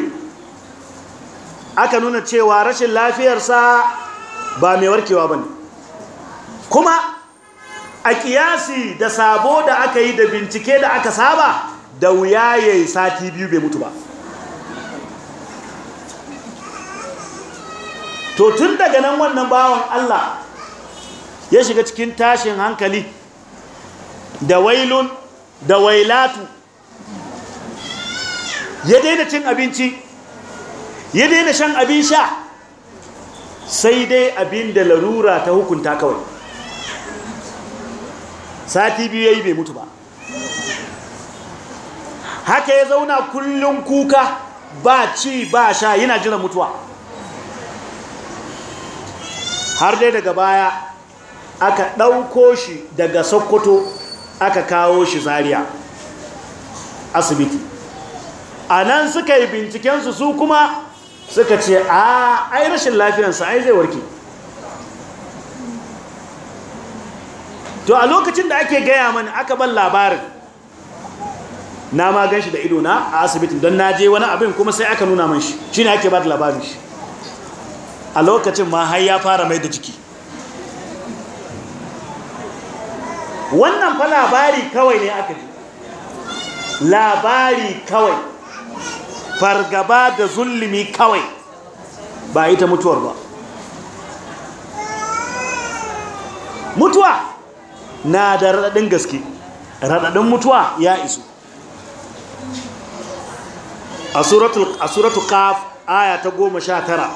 aka nuna cewa rashin lafiyarsa ba mai warkewa ba ne kuma a kiyasi da sabo da aka yi da bincike da aka saba da wuya ya yi sati biyu bai mutu ba to tun daga nan wannan bawan Allah ya shiga cikin tashin hankali da wailun da wailatu ya daina cin abinci ya daina shan abin sha sai dai abin da larura ta hukunta kawai sati biyu ya yi bai mutu ba haka ya zauna kullum kuka ba ci ba sha yana jiran mutuwa har dai daga baya aka ɗauko shi daga sokoto aka kawo shi zariya asibiti a nan suka yi bincikensu su kuma suka ce a ai rashin lafiyansa ai zai warke to a lokacin da ake gaya mani aka ban labarin na ma gan shi da idona a asibitin don na je wani abin kuma sai aka nuna man shi shi ne ake ba da labarin shi a lokacin ma har ya fara mai da jiki wannan fa labari kawai ne aka ji labari kawai fargaba da zulumi kawai ba ita mutuwar ba mutuwa na da raɗaɗin gaske raɗaɗin mutuwa ya iso. a suratu ƙaf aya ta goma sha tara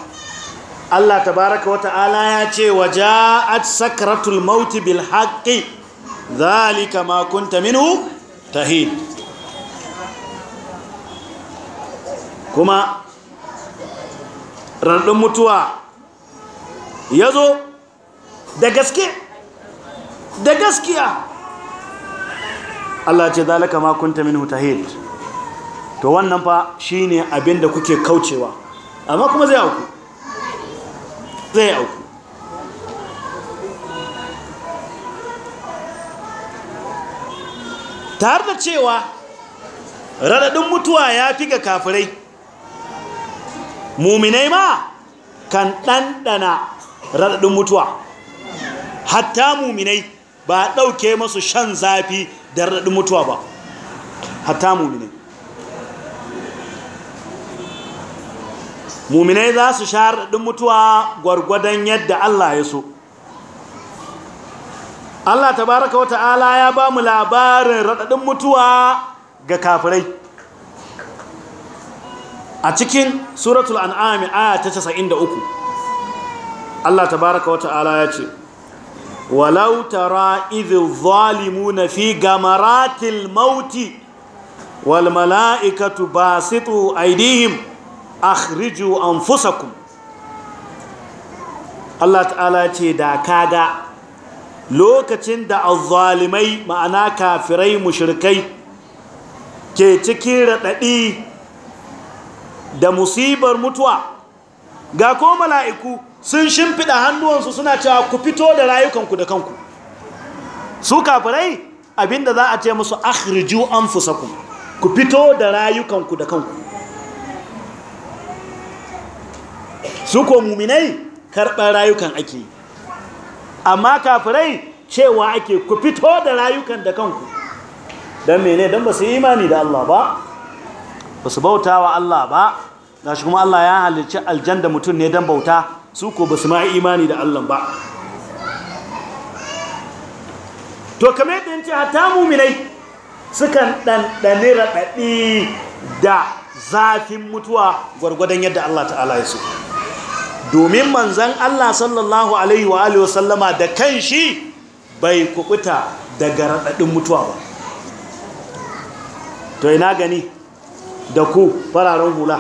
Allah Ta baraka tabaraka wata'ala ya ce wa ja'at sakratul mauti bil haƙƙi zalika ma kunta minhu tahid kuma randin mutuwa ya zo da gaske da gaskiya Allah ce zalika ma kunta minhu tahid to wannan fa shine abinda kuke kaucewa amma kuma zai auku zai auku tare da cewa raɗaɗin mutuwa ya fi ga kafirai muminai ma kan ɗanɗana raɗaɗin mutuwa hatta muminai ba ɗauke masu shan zafi da raɗaɗin mutuwa ba hatta muminai muminai za su sha raɗaɗin mutuwa gwargwadon yadda Allah ya so Allah tabaraka wa ta'ala ya ba mu labarin raɗaɗin mutuwa ga kafirai a cikin suratul an'ami aya ta 93 Allah tabaraka wa ta'ala ya ce walau tara idh zalimuna fi gamaratil mauti wal mala'ikatu basitu aidihim akhriju anfusakum Allah ta'ala ce da kaga lokacin da azzalimai ma'ana kafirai mushrikai ke cikin raɗaɗi da musibar mutuwa ga ko mala'iku sun shimfiɗa hannuwansu suna cewa ku fito da rayukanku da kanku su kafirai abinda za a ce musu akhriju anfusakum ku fito da rayukanku da kanku su ko muminai karɓar rayukan ake yi amma kafirai cewa ake ku fito da rayukan da kanku don mene don ba su yi imani da Allah ba ba su bauta wa Allah ba ga shi kuma Allah ya halicci aljan da mutum ne don bauta su ko ba su ma imani da Allah ba to kame ɗin ce hata muminai sukan ɗanɗani raɗaɗi da zafin mutuwa gwargwadon yadda Allah ta'ala ya so domin manzan Allah sallallahu alaihi wa alihi wasallama da kanshi bai kukuta daga raɗaɗin mutuwa ba to ina gani da ku fararen hula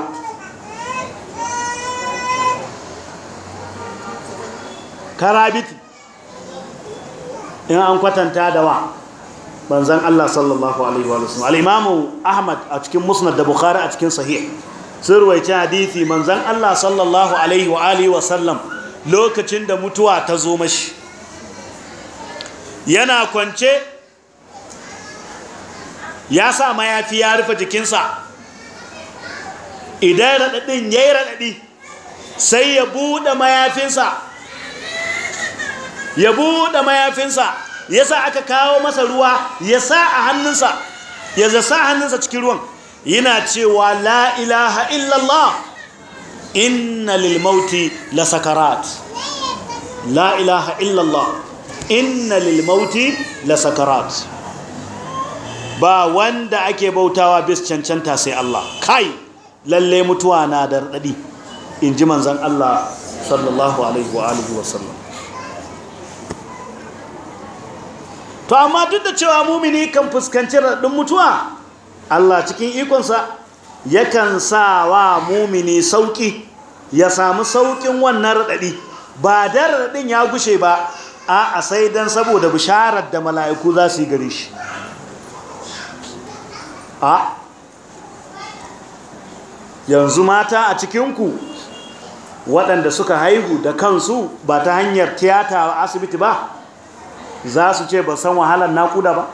karabiti in an kwatanta da wa manzan Allah sallallahu alaihi wa alihi wasallama al'imamu Ahmad a cikin musnad da Bukhari a cikin sahih sun hadithi manzan Allah sallallahu alaihi wa wa sallam lokacin da mutuwa ta zo mashi yana kwance ya sa mayafi ya rufe jikinsa idan raɗaɗin ya yi raɗaɗi sai ya buɗe mayafinsa ya buɗe mayafinsa ya sa aka kawo masa ruwa ya sa a hannunsa ya zasa hannunsa cikin ruwan yana cewa la ilaha illallah inna lil mauti la sakarat la ilaha illallah inna lil mauti la sakarat ba wanda ake bautawa bis cancanta sai Allah kai lalle mutuwa na da radadi Inji ji manzon Allah sallallahu alaihi wa alihi wa sallam to amma duk da cewa mumini kan fuskanci radadin mutuwa Allah cikin ikonsa yakan sa wa mumini sauƙi ya samu sauƙin wannan raɗaɗi ba da raɗaɗin ya gushe ba a a sai don saboda bisharar da mala'iku za su yi gare shi a yanzu mata a cikinku waɗanda suka haihu da kansu ba ta hanyar tiyata a asibiti ba za su ce ba san wahalar naƙuda ba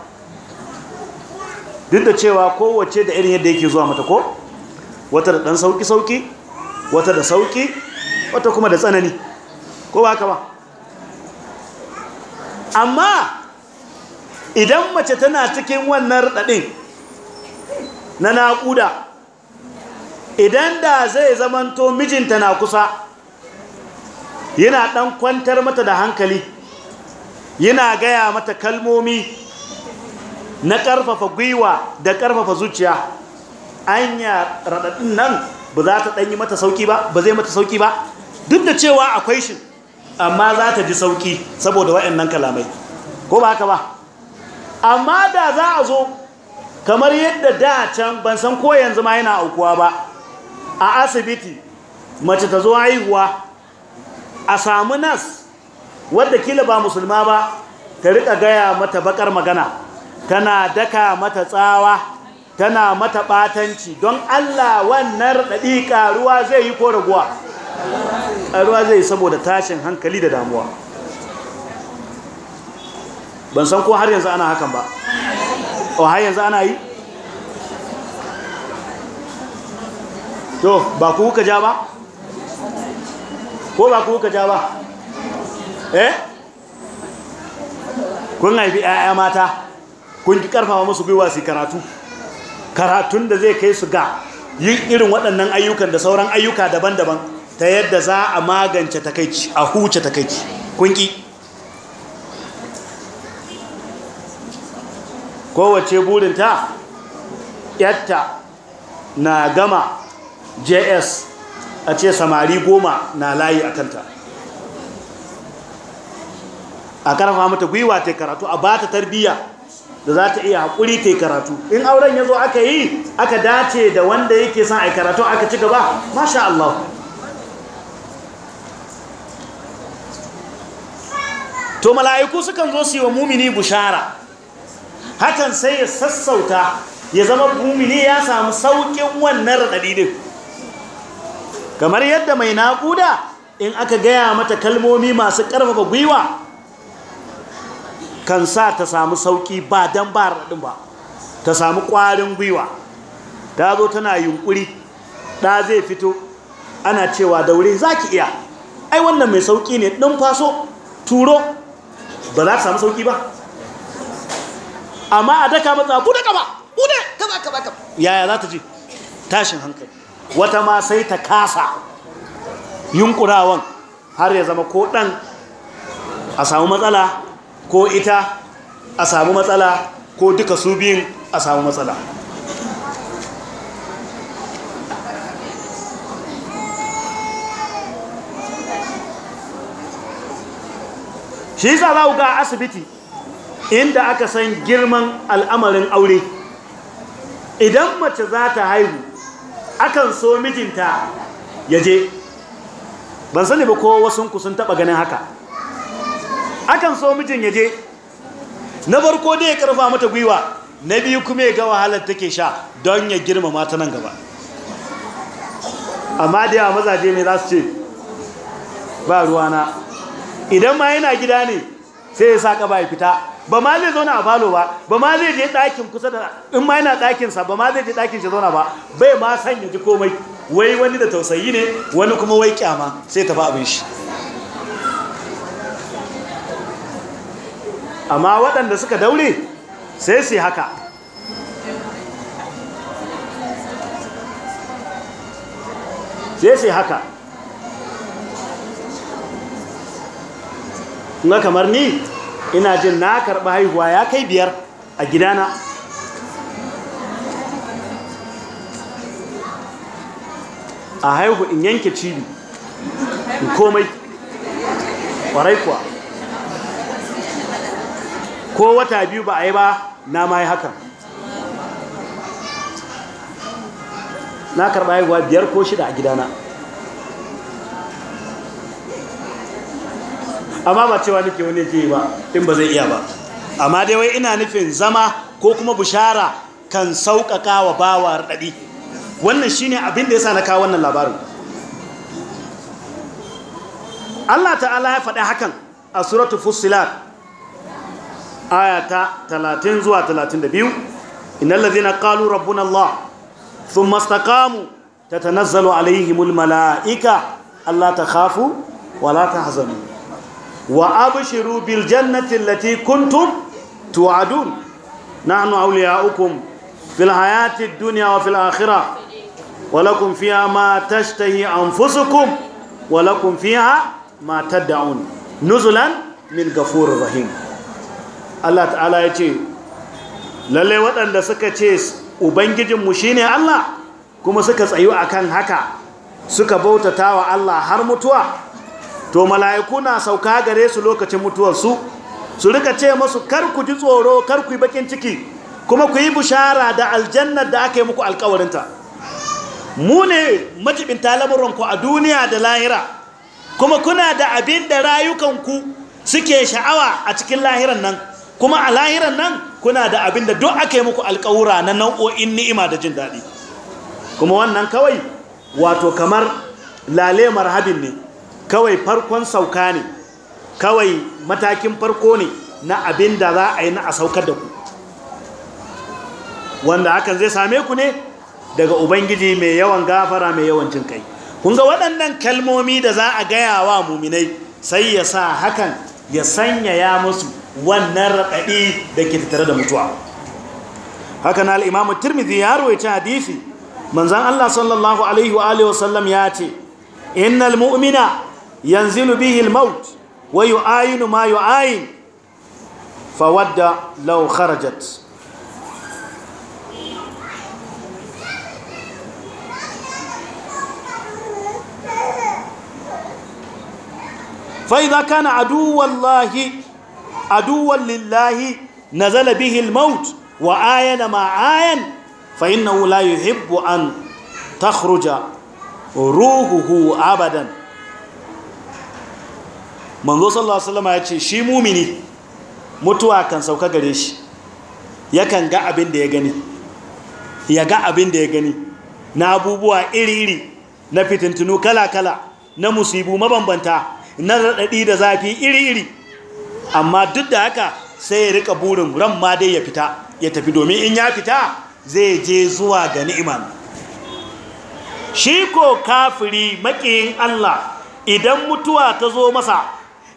duk da cewa kowace da irin yadda yake zuwa mata ko wata da ɗan sauƙi-sauƙi wata da sauƙi wata kuma da tsanani ko ba haka amma idan mace tana cikin wannan raɗaɗin na naƙuda idan da zai zamanto mijinta na kusa yana ɗan kwantar mata da hankali yana gaya mata kalmomi na ƙarfafa gwiwa da ƙarfafa zuciya anya raɗaɗin nan ba za ta ɗanyi mata sauƙi ba ba zai mata sauƙi ba duk da cewa akwai shi amma za ta ji sauƙi saboda waɗannan kalamai ko ba haka ba amma da za a zo kamar yadda da can ban san ko yanzu ma yana aukuwa ba a asibiti mace ta zo haihuwa a samu nas wadda kila ba musulma ba ta riƙa gaya mata baƙar magana tana daka mata tsawa tana mata batanci don Allah wannan raɗaɗi ƙaruwa zai yi ko raguwa ƙaruwa zai yi saboda tashin hankali da damuwa ban san ko har yanzu ana hakan ba o har yanzu ana yi to ba ku kuka ja ba ko ba ku kuka ja ba eh kun haifi 'ya'ya mata kun ki karfafa musu gwiwa su karatu karatun da zai kai su ga yin irin waɗannan ayyukan da sauran ayyuka daban-daban ta yadda za a magance takaici a huce takaici kun ki kowace burinta yatta na gama js a ce samari goma na layi a kanta a karfa mata gwiwa ta karatu a ba ta tarbiyya da za ta iya haƙuri ta yi karatu in auren ya zo aka yi aka dace da wanda yake son a karatu aka ci gaba masha Allah to mala'iku sukan zo su yi wa mumini bushara hakan sai ya sassauta ya zama mumini ya samu sauƙin wannan raɗaɗi kamar yadda mai naƙuda in aka gaya mata kalmomi masu ƙarfafa gwiwa kan sa ta samu sauki ba dan ba raɗin ba ta samu ƙwarin gwiwa ta zo tana yunkuri ɗa zai fito ana cewa da wuri za ki iya ai wannan mai sauki ne ɗin faso turo ba za ta samu sauki ba amma a daka matsa bude ka za ka kaza kaza yaya za ta ji tashin hankali wata ma sai ta kasa yunkurawan har ya zama ko ɗan a samu matsala ko ita a samu matsala ko duka su biyun a samu matsala shi yi za ku ga asibiti inda aka san girman al'amarin aure idan mace za ta haihu akan so mijinta ya je ban sani ba ko wasu sun taɓa ganin haka akan so mijin ya je na farko dai ya karfa mata gwiwa na biyu kuma ya ga wahalar take sha don ya girmama ta nan gaba amma da yawa mazaje ne za su ce ba ruwana idan ma yana gida ne sai ya saka ba ya fita ba ma zai zauna a falo ba ba ma zai je ɗakin kusa da in ma yana ɗakinsa ba ma zai je ɗakin shi zauna ba bai ma san ya ji komai wai wani da tausayi ne wani kuma wai kyama sai tafi abin shi amma waɗanda suka daure sai su haka sai su haka na kamar ni ina jin na karɓi haihuwa ya kai biyar a gidana a haihu in yanke cibi in komai kwarai kuwa ko wata biyu ba a yi ba na ma yi hakan na karɓa haihuwa biyar ko shida a gidana amma ba cewa nake wani ke yi ba in ba zai iya ba amma dai wai ina nufin zama ko kuma bushara kan sauƙaƙa wa bawa raɗaɗi wannan shi ne abin da ya sa na kawo wannan labarin Allah ta'ala ya faɗi hakan a suratu Fusilar. aya ta 30 zuwa 32 innal ladhina qalu rabbuna Allah thumma istaqamu tatanazzalu alaihimul malaika alla takhafu wa la tahzanu wa abshiru bil jannati allati kuntum tu'adun nahnu awliya'ukum fil hayati ad-dunya wa fil akhirah ولكم فيها ما تشتهي أنفسكم ولكم فيها ما تدعون نزلا من غفور رحيم Allah ta'ala ya ce lalle waɗanda suka ce ubangijinmu shine Allah kuma suka tsayu akan haka suka bautata wa Allah har mutuwa to mala'iku na sauka gare su lokacin mutuwarsu su rika ce masu kar ku ji tsoro kar kuyi yi bakin ciki kuma ku yi bushara da aljannar da aka yi muku alkawarinta mu ne majibinta ku a duniya da lahira kuma kuna da abin da rayukanku suke sha'awa a cikin lahiran nan kuma a lahiran nan kuna da abin da duk aka yi muku alkawura na nau'o'in ni'ima da jin daɗi kuma wannan kawai wato kamar lale marhabin ne kawai farkon sauka ne kawai matakin farko ne na abin da za a yi na a saukar da ku wanda hakan zai same ku ne daga ubangiji mai yawan gafara mai yawan jin kai kun ga waɗannan kalmomi da za a gaya wa muminai sai ya sa hakan ya sanya ya musu wannan raɗaɗi da ke tattare da mutuwa haka na al'imamu turmizi ya ruwaita hadisi manzan Allah sallallahu alaihi wa wasallam ya ce innal mu'mina yanzilu bihi al-maut wa ayinu ma yu'ayin fawadda law kharajat fa idza kana aduwwallahi aduwan lillahi na bihi al wa ayana ma ayan fa la yuhibbu an takhruja ruhuhu abadan manzo sallallahu alaihi wasallam ya ce shi mumini mutuwa kan sauka gare shi yakan ga abin da ya gani ya ga abin da ya gani na abubuwa iri-iri na fitintunu kala-kala na musibu mabambanta na raɗaɗi da zafi iri-iri amma duk da haka sai ya rika burin ran ma dai ya fita ya tafi domin in ya fita zai je zuwa ga ni'ima shi ko kafiri makiyin Allah idan mutuwa ta zo masa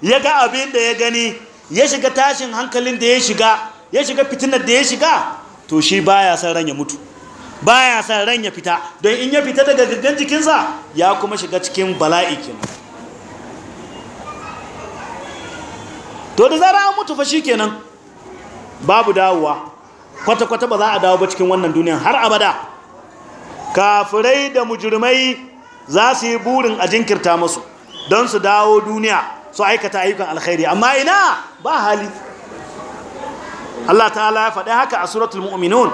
ya ga abin da ya gani ya shiga tashin hankalin da ya shiga ya shiga fitinar da ya shiga to shi baya son ran ya mutu baya son ran ya fita don in ya fita daga gaggan jikinsa ya kuma shiga cikin bala'i kenan to da zara an mutu fa shikenan babu dawowa kwata-kwata ba za a dawo ba cikin wannan duniyan har abada kafirai da mujirmai za su yi burin a jinkirta musu don su dawo duniya su aikata ayyukan alkhairi amma ina ba hali Allah ta'ala ya faɗi haka a suratul mu'minun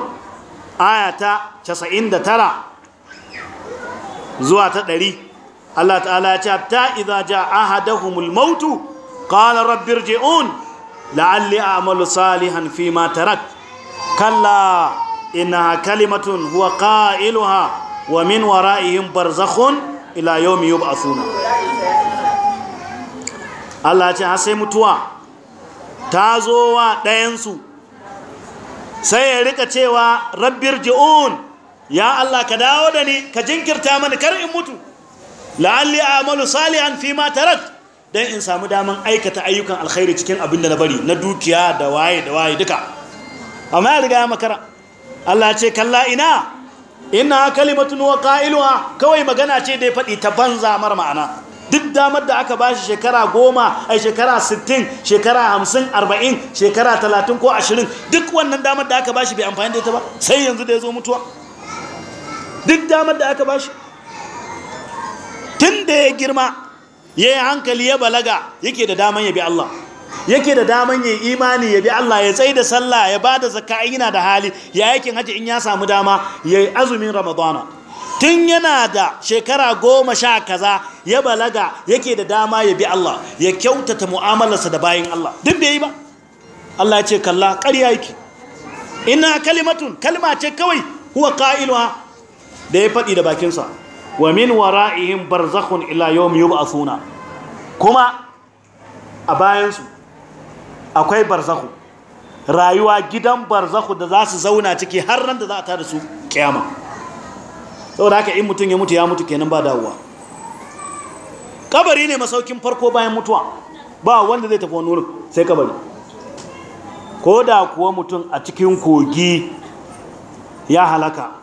ayata 99 zuwa ta 100 Allah ta'ala ya ce ta idza ja ahaduhumul mautu qala rabbi irji'un la'alli a'malu salihan fi ma tarak kalla innaha kalimatun huwa qailuha wa min wara'ihim barzakhun ila yawmi yub'athuna Allah ce har sai mutuwa ta zo wa ɗayansu sai ya rika cewa rabbir ji'un ya Allah ka dawo da ni ka jinkirta mani kar in mutu la'alli amalu salihan fi ma don in samu daman aikata ayyukan alkhairi cikin abin da na bari na dukiya da waye da waye duka amma ya riga ya makara Allah ce kalla ina ina kalimatun wa qailuha kawai magana ce da ya faɗi ta banza mar ma'ana duk damar da aka bashi shekara goma ai shekara sittin shekara hamsin arba'in shekara talatin ko ashirin duk wannan damar da aka bashi bai amfani da ita ba sai yanzu da ya zo mutuwa duk damar da aka bashi tun da ya girma ya yi hankali ya balaga yake da daman ya bi Allah yake da daman ya yi imani ya bi Allah ya tsaye da sallah ya ba da zakka yana da hali ya yake haji in ya samu dama ya yi azumin ramadana tun yana da shekara goma sha kaza ya balaga yake da dama ya bi Allah ya kyautata mu'amalarsa da bayan Allah duk bai yi ba Allah ya ce kalla ƙarya yake ina kalimatun kalma ce kawai huwa ƙa'iluwa da ya faɗi da bakinsa wa min wara'ihim barzakhun ila yawmi yub'athuna kuma a bayansu akwai barzakhu rayuwa gidan barzakhu da za su zauna ciki har nan da za a tada su kiyama saboda haka in mutum ya mutu ya mutu kenan ba dawowa kabari ne masaukin farko bayan mutuwa ba wanda zai tafi wani sai kabari ko da kuwa mutum a cikin kogi ya halaka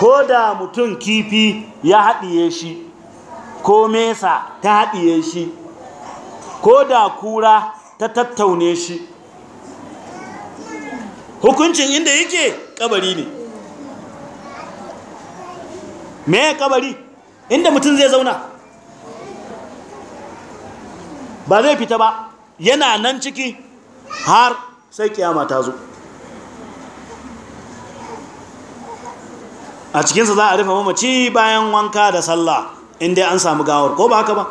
ko da mutum kifi ya haɗiye shi ko mesa ta haɗiye shi ko da kura ta tattaune shi hukuncin inda yake kabari ne me kabari inda mutum zai zauna ba zai fita ba yana nan ciki har sai kiyama ta zo a cikinsa za a rufe mamaci bayan wanka da sallah inda an samu gawar ko ba haka ba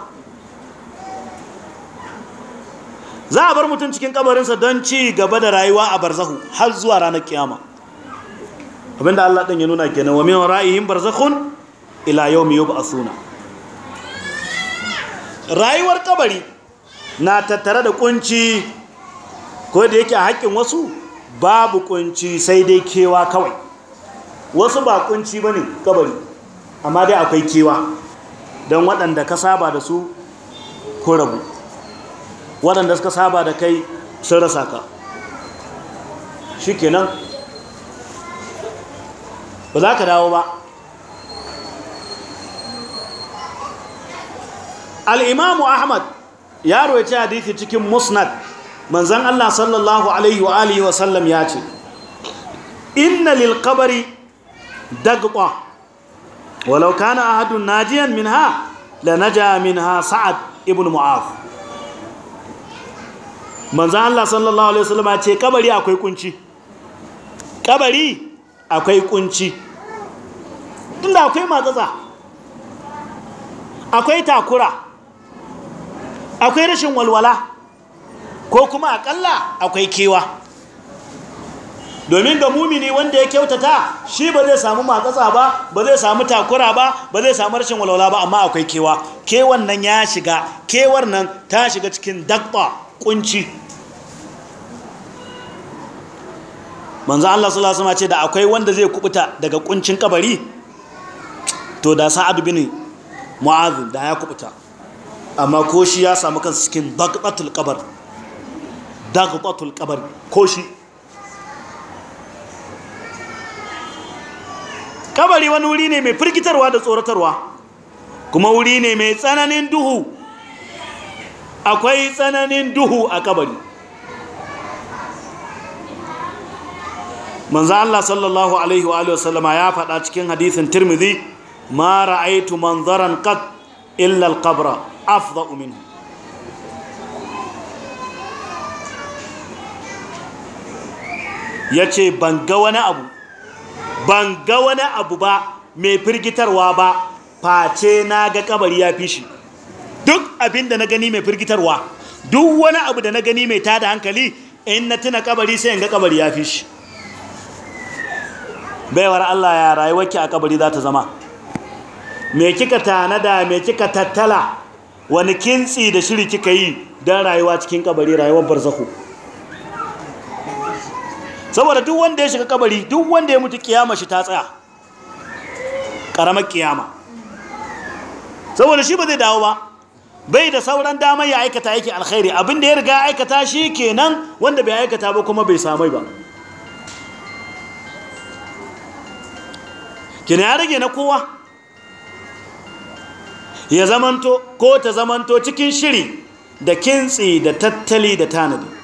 za a bar mutum cikin kabarinsa don ci gaba da rayuwa a barzahu har zuwa ranar kiyama abinda Allah ɗin ya nuna kenan wa min ra'ayin Barzakun, ila a suna. rayuwar kabari na tattare da kunci ko da yake a haƙƙin wasu babu kunci sai dai kewa kawai wasu ba ne kabari amma dai akwai kewa don waɗanda ka saba da su ko rabu waɗanda suka saba da kai sun rasa ka shi nan ba za ka dawo ba al'imamu ahmad ya roci hadithi cikin musnad manzan allah sallallahu alaihi wa alihi wasallam ya ce inna lil kabari دقطة ولو كان أحد ناجيا منها لنجا Minha sa'ad Ibn mu'af manzan Allah sallallahu Alaihi wasallam ce kabari akwai kunci kabari akwai kunci tunda akwai matsatsa akwai takura akwai rashin walwala ko kuma akalla akwai kewa domin ga mumini wanda ya kyautata shi ba zai samu matsatsa ba ba zai samu takura ba ba zai samu rashin walwala ba amma akwai kewa kewan nan ya shiga kewar nan ta shiga cikin dakba kunci manzo Allah sallallahu alaihi ce da akwai wanda zai kubuta daga kuncin kabari to da Sa'ad bin Mu'adh da ya kubuta amma ko shi ya samu kansa cikin daqatul qabr daqatul qabr ko shi kabari wani wuri ne mai firgitarwa da tsoratarwa kuma wuri ne mai tsananin duhu akwai tsananin duhu a kabari Manza Allah sallallahu alaihi wa sallama ya faɗa cikin hadisin Turmizi. ma ra'aitu manzaran qat illa al-qabra afdha'u minhu yace ban ga wani abu ban ga wani abu ba mai firgitarwa ba face na ga kabari ya fi shi duk abin da na gani mai firgitarwa duk wani abu da na gani mai tada hankali in na tuna kabari sai in ga kabari ya fi shi baiwar Allah ya rayuwarki a kabari za ta zama me kika tanada me kika tattala wani kintsi da shiri kika yi don rayuwa cikin kabari rayuwar barzahu saboda duk wanda ya shiga kabari duk wanda ya mutu kiyama shi ta tsaya karamar kiyama saboda shi ba zai dawo ba bai da sauran damar ya aikata yake alkhairi abinda ya riga aikata shi kenan wanda bai aikata ba kuma bai samai ba kina ya rage na kowa ya zamanto ko ta zamanto cikin shiri da kintsi da tattali da tanadi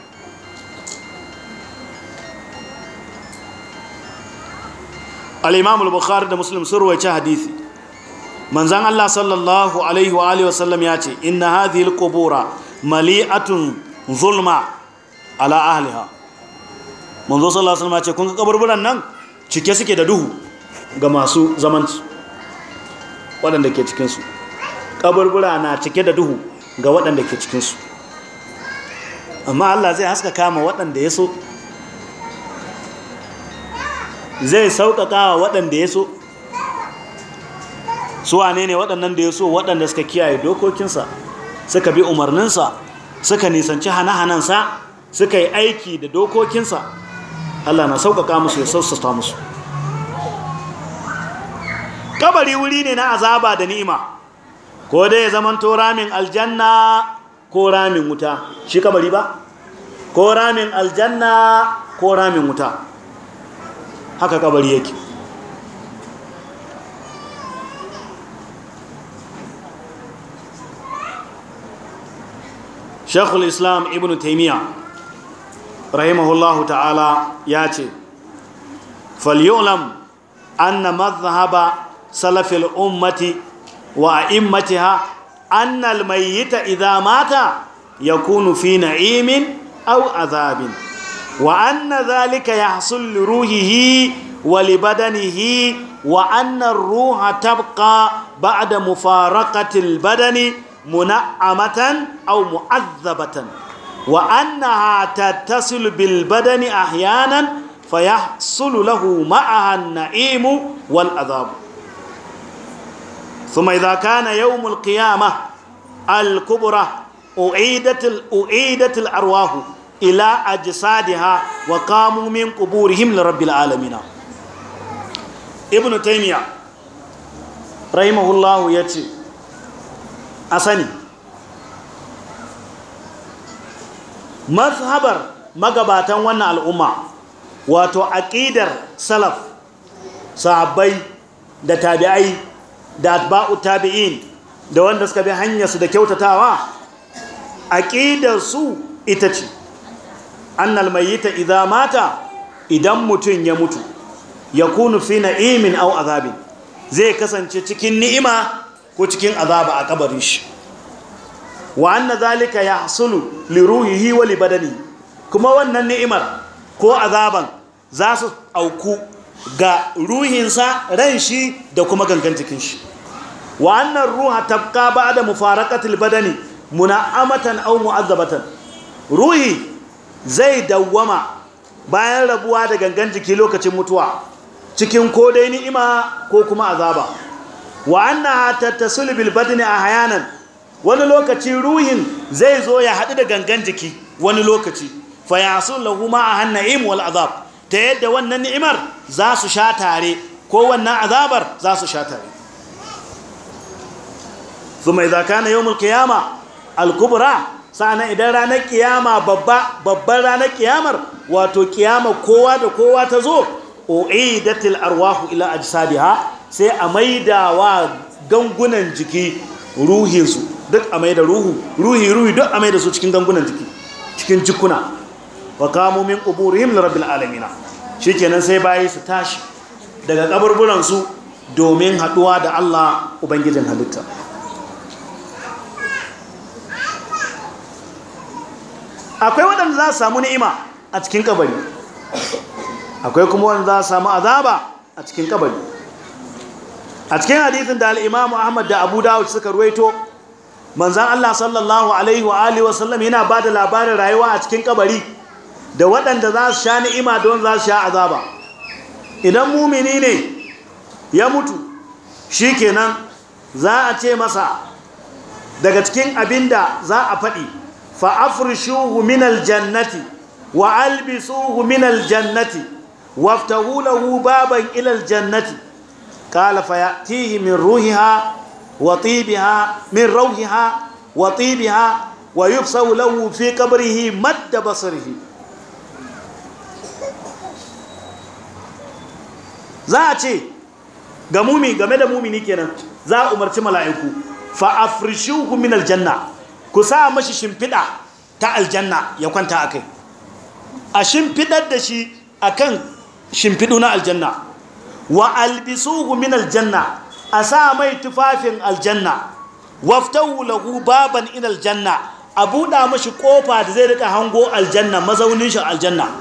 al-imam al-bukhari da muslim sun ruwaice hadithi manzan Allah sallallahu alaihi wa alihi wasallam ya ce inna hadhihi al-qubura mali'atun zulma ala ahliha manzo sallallahu alaihi wasallam ya ce kun ga kaburburan nan cike suke da duhu ga masu zaman su waɗanda ke cikin su kaburbura na cike da duhu ga waɗanda ke cikin su amma Allah zai haska kama waɗanda ya so zai sauƙaƙa wa waɗanda ya so su wane ne waɗannan da ya so waɗanda suka kiyaye dokokinsa suka bi umarninsa suka nisanci hana-hanansa suka yi aiki da dokokinsa Allah na sauƙaƙa musu ya sassata musu kabari wuri ne na azaba da ni'ima ko dai ya zamanto ramin aljanna ko ramin wuta shi kabari ba ko ramin aljanna ko ramin wuta haka kabari yake shekul islam ibn taimiyya rahimahullahu ta'ala ya ce falyolam anna mazhaba salafil ummati wa a'immatiha annal mayyita idza mata yakunu fi na'imin aw azabin وأن ذلك يحصل لروحه ولبدنه وأن الروح تبقى بعد مفارقة البدن منعمة أو معذبة وأنها تتصل بالبدن أحيانا فيحصل له معها النعيم والعذاب ثم إذا كان يوم القيامة الكبرى أعيدت, أعيدت الأرواح ila ajsadiha wa qamu min quburihim al’alamina ibn taimiyya ya ya ce sani. sani mazhabar magabatan wannan al'umma wato aƙidar salaf sahabbai da tabi'ai da atba'u tabi'in da wanda suka bi hanyarsu da kyautatawa aƙidarsu su ita ce annal mayyita idza mata idan mutum ya mutu yakunu fi na'imin aw azabin zai kasance cikin ni'ima ko cikin azaba a kabarin shi wa anna zalika yahsulu li ruhihi wa li badani kuma wannan ni'imar ko azaban za su auku ga ruhinsa ran shi da kuma gangan cikin shi wa ruha tabqa ba'da mufaraqatil badani muna'amatan aw mu'azzabatan ruhi zai dawwama bayan rabuwa da gangan jiki lokacin mutuwa cikin ko dai ni'ima ko kuma azaba wa annaha tattasul bil badni ahyanan wani lokaci ruhin zai zo ya haɗu da gangan jiki wani lokaci fa yasul lahu ma hannun wal azab ta yadda wannan ni'imar za su sha tare ko wannan azabar za su sha tare su idza kana yawmul qiyamah al kubra sana idan ranar kiyama babba babban ranar kiyamar wato kiyama kowa da kowa ta zo oidatil arwahu ila ha sai a maidawa gangunan jiki ruhinsu duk a maida ruhu ruhi ruhi duk a maida su cikin gangunan jiki cikin jikuna wa qamu min quburihim lirabbil alamina shikenan sai bayi su tashi daga kaburburan domin haduwa da Allah ubangijin halitta akwai waɗanda za su samu ni'ima a cikin kabari akwai kuma waɗanda za su samu azaba a cikin kabari a cikin hadithin da al'imamu ahmad da abu dawud suka ruwaito manzan allah sallallahu alaihi wa sallam yana ba da labarin rayuwa a cikin ƙabari da waɗanda za su sha ni'ima don za su sha azaba idan mumini ne ya mutu shi kenan za a ce masa daga cikin abin da za a faɗi fa'afrishuhu min aljannati wa albisuhu min aljannati waftahu lahu baban ila aljannati qala fayatihi min ruhiha wa tibiha min ruhiha wa tibiha wa yufsahu lahu fi qabrihi madd basarihi za a ce game da mumi ni kenan za a umarci mala'iku fa'afrishuhu minal janna. ku sa mashi shimfiɗa ta aljanna ya kwanta a kai a shimfiɗar da shi a kan shimfiɗu na aljanna wa albisuhu min aljanna a sa mai tufafin aljanna waftahu lahu baban in aljanna a buɗa mashi ƙofa da zai rika hango aljanna mazaunin shi aljanna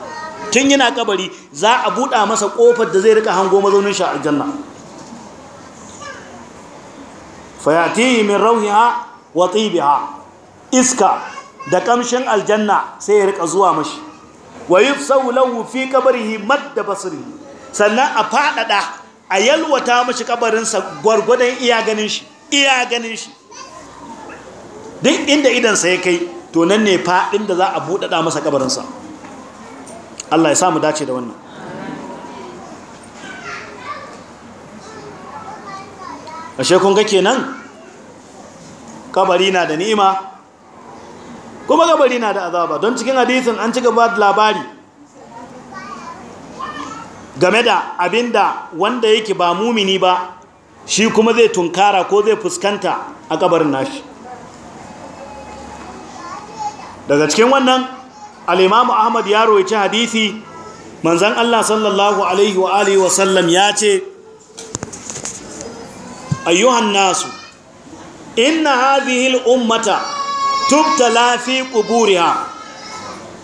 tun yana kabari za a buɗa masa ƙofar da zai rika hango mazaunin shi aljanna fayatihi min rauhiha wa tsibiha iska da kamshin aljanna sai ya rika zuwa mashi wa yufsau lahu fi qabrihi madda basri sannan a fadada a yalwata mashi kabarinsa gwargwadon iya ganin shi iya ganin shi duk inda idansa ya kai to nan ne faɗin da za a buɗaɗa masa kabarinsa Allah ya samu dace da wannan ashe kun ga kenan kabari na da ni'ima kuma kabari na da azaba don cikin hadisin an ci gaba da labari game da abinda wanda yake ba mumini ba shi kuma zai tunkara ko zai fuskanta a kabarin nashi daga cikin wannan al'imamu ahmad ya roci hadisi manzan allah sallallahu alaihi wa alihi wasallam ya ce ayyuhan nasu inna hazihil ummata. tubtala fi quburiha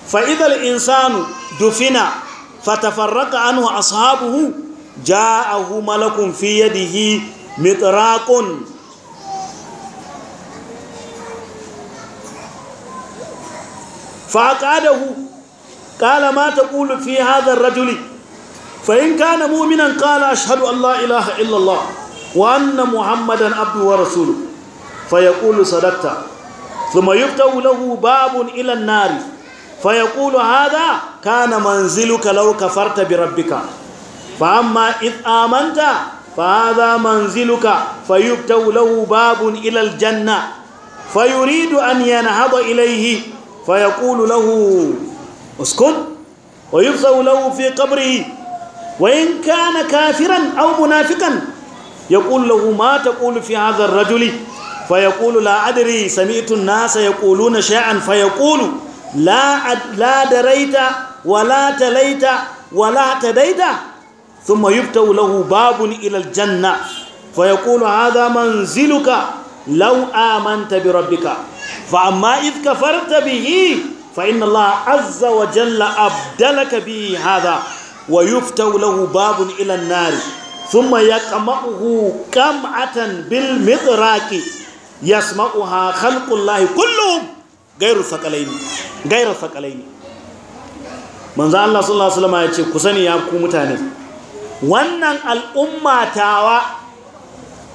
fa idhal insanu dufina fatafarraqa anhu ashabuhu ja'ahu malakun fi yadihi mitraqun فأقعده قال ما تقول في هذا الرجل فإن كان مؤمنا قال أشهد أن لا إله إلا الله وأن محمدا عبده ورسوله فيقول صدقت ثم يفتح له باب إلى النار فيقول هذا كان منزلك لو كفرت بربك فأما إذ آمنت فهذا منزلك فيفتح له باب إلى الجنة فيريد أن ينهض إليه فيقول له اسكن ويفتح له في قبره وإن كان كافرا أو منافقا يقول له ما تقول في هذا الرجل fa yaqulu la adri nasa ya ƙulu na yaqulu la la wa la talaita wa la tadaita thumma yufta lahu babun ila janna fa yaqulu hadha manziluka law bi rabbika fa amma idh farta bihi fa inna Allah azza wa jalla abdalaka bihi hadha wa yuftahu lahu babun ila an-nar thumma yaqma'uhu qam'atan bil midraqi yasma'uha khalqullahi kullum ghayru thaqalaini ghayru thaqalaini manzo Allah sallallahu alaihi wasallam ya ku sani ya ku mutane wannan al'umma tawa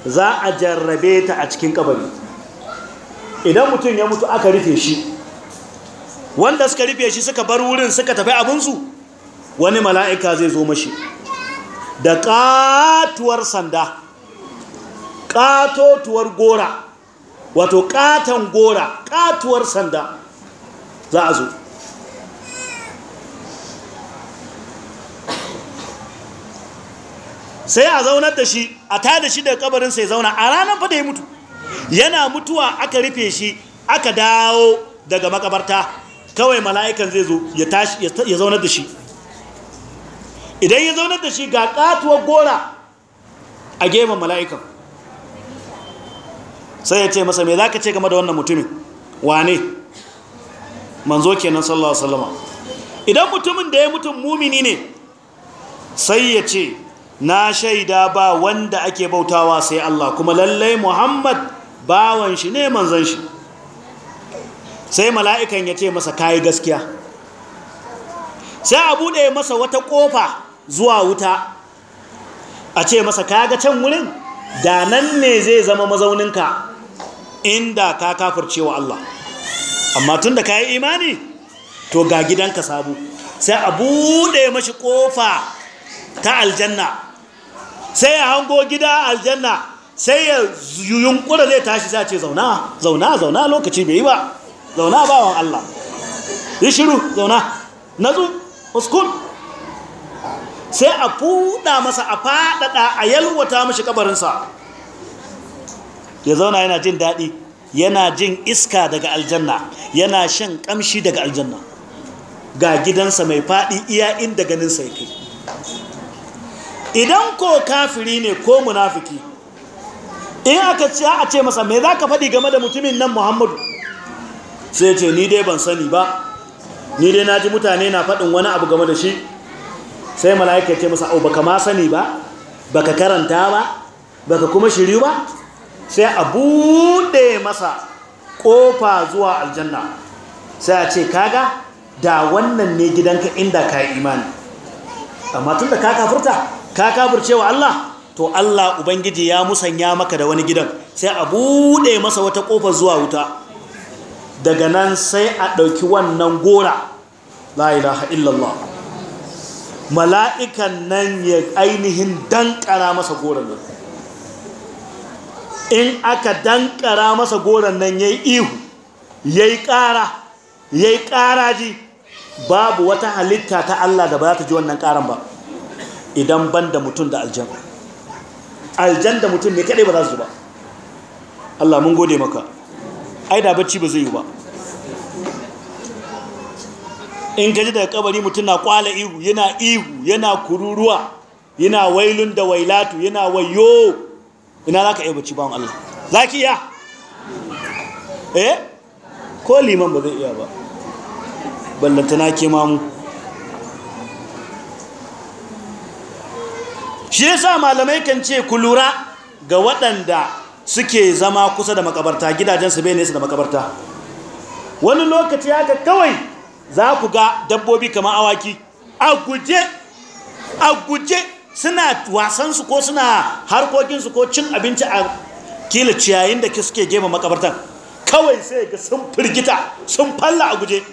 za a jarrabe ta a cikin kabari idan mutum ya mutu aka rufe shi wanda suka rufe shi suka bar wurin suka tafi abinsu wani mala'ika zai zo mashi da katuwar sanda katotuwar gora wato katon gora katuwar sanda za a zo sai a zaunar da shi a ta da shi da kabarin sai zauna a ranar fada ya mutu yana mutuwa aka rufe shi aka dawo daga makabarta kawai mala'ikan zai zo ya zaunar da shi idan ya zaunar da shi ga katuwar gora a gefen mala'ikan sai ya ce masa za ka ce game da wannan mutumin wane manzo kenan sallallahu alaihi idan mutumin da ya mutum mumini ne sai ya ce na shaida ba wanda ake bautawa sai Allah kuma lallai Muhammad bawan shi ne manzan shi sai mala'ikan ya ce masa kayi gaskiya sai a buɗe masa wata ƙofa zuwa wuta a ce masa kaga can wurin da nan ne zai zama mazauninka inda ka kafirce wa Allah amma tun da ka yi imani to ga gidanka sabu sai a buɗe mashi ƙofa ta aljanna sai ya hango gida aljanna sai ya yunkura zai tashi sai ce zauna zauna zauna lokaci bai yi ba zauna bawan Allah yi shiru zauna nazu uskun sai a fuda masa a faɗaɗa a yalwata mashi kabarinsa ya zauna yana jin daɗi yana jin iska daga aljanna yana shan ƙamshi daga aljanna ga gidansa mai faɗi iya inda ganin ya kai idan ko kafiri ne ko munafiki in aka ce a ce masa mai za ka faɗi game da mutumin nan muhammadu sai ce ni dai ban sani ba ni dai na ji mutane na faɗin wani abu game da shi sai mala'ika ce masa au baka ma sani ba baka karanta ba baka kuma shiryu ba sai a buɗe masa ƙofa zuwa aljanna sai a ce kaga da wannan ne gidanka inda ka yi imani amma tun da ka kafurta ka kafurce wa Allah to Allah Ubangiji ya musanya maka da wani gidan sai a buɗe masa wata ƙofa zuwa wuta daga nan sai a ɗauki wannan gora la ilaha illallah mala'ikan nan ya ainihin dankara masa goron nan in aka dankara masa goron nan ya yi ihu ya yi ƙara ƙara ƙaraji babu wata halitta ta Allah da ba za ta ji wannan ƙaran ba idan ban da mutum da aljan aljan da mutum ne kadai ba za su ba Allah mun gode maka ai da bacci ba zai yi ba in gaji daga kabari mutum na kwala ihu yana ihu yana kururuwa yana wailun da wailatu yana wayo ina za ka iya bacci bawan Allah za ki iya eh ko liman ba zai iya ba ballantana ke mamu shi yasa malamai kan ce ku lura ga waɗanda suke zama kusa da makabarta gidajensu bai nesa da makabarta wani lokaci haka kawai za ku ga dabbobi kamar awaki a guje a guje suna wasansu ko suna harkokinsu ko cin abinci a kila ciyayin da suke gefen makabartan kawai sai ga sun firgita sun falla a guje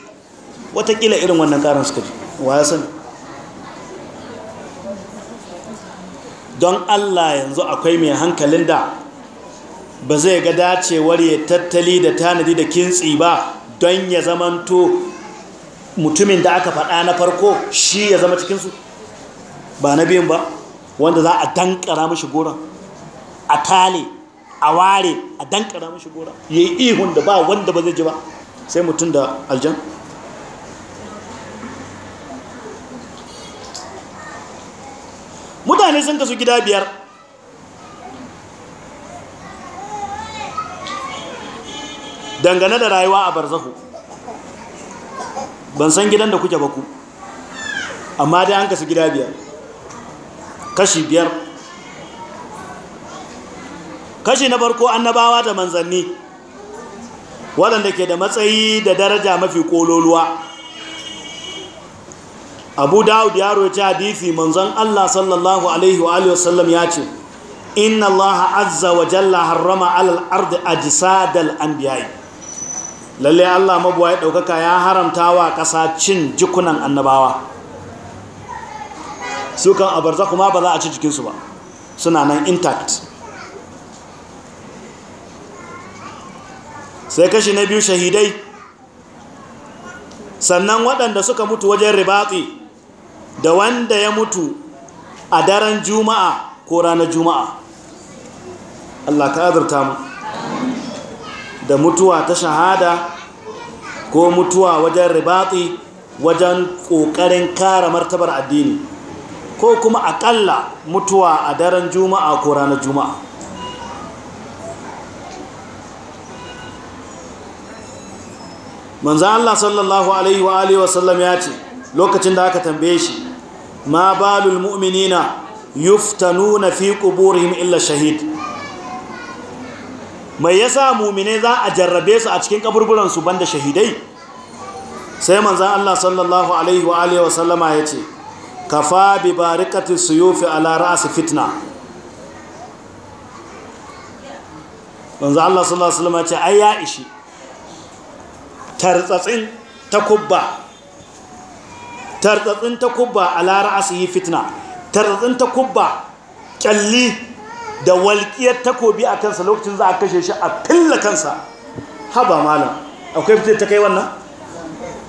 watakila irin wannan karan suka ji wasan. don allah yanzu akwai mai hankalin da ba zai ga dacewar ya tattali da tanadi da kintsi ba don ya zamanto mutumin da aka faɗa na farko shi ya zama cikinsu ba na biyan ba wanda za a dankara mashi gora a tale a ware a dankara mashi gora ya yi ihun da ba wanda ba zai ji ba sai mutum da aljan mutane sun kasu gida biyar dangane da rayuwa a barzahu ban san gidan da kuke ba ku amma dai an kasu gida biyar kashi biyar kashi na farko annabawa da manzanni waɗanda ke da matsayi da daraja mafi kololuwa abu dawud ya roci hadithi manzon allah sallallahu alaihi wa sallam ya ce inna allah azza wa jalla harrama alal ardi an biyayi lalle allah mabuwa ya ɗaukaka ya haramta wa ƙasa cin jikunan annabawa su kan abarza kuma ba za a ci jikinsu ba suna nan intact sai kashi na biyu shahidai sannan waɗanda suka mutu wajen ribatsi da wanda ya mutu a daren juma'a ko ranar juma'a Allah ka azurta mu da mutuwa ta shahada ko mutuwa wajen ribatsi wajen ƙoƙarin kara martabar addini ko kuma akalla mutuwa a daren juma'a ko ranar juma'a manzan Allah sallallahu alaihi wa alihi wasallam ya ce lokacin da aka tambaye shi ma balul mu'minina yuftanuna fi ƙuburin illa shahid mai yasa mu'mine za a jarrabe su a cikin ƙaburburansu su banda shahidai sai manzan Allah sallallahu alaihi wa alihi wasallama ya ce kafa bi barikati suyufi ala ra'si fitna wanzu Allah sallallahu alaihi wasallam ce ai ya ishi tartsatsin takubba tartsatsin takubba ala ra'si fitna tartsatsin takubba kyalli da walƙiyar takobi a kansa lokacin za a kashe shi a filla kansa haba malam akwai fitina ta kai wannan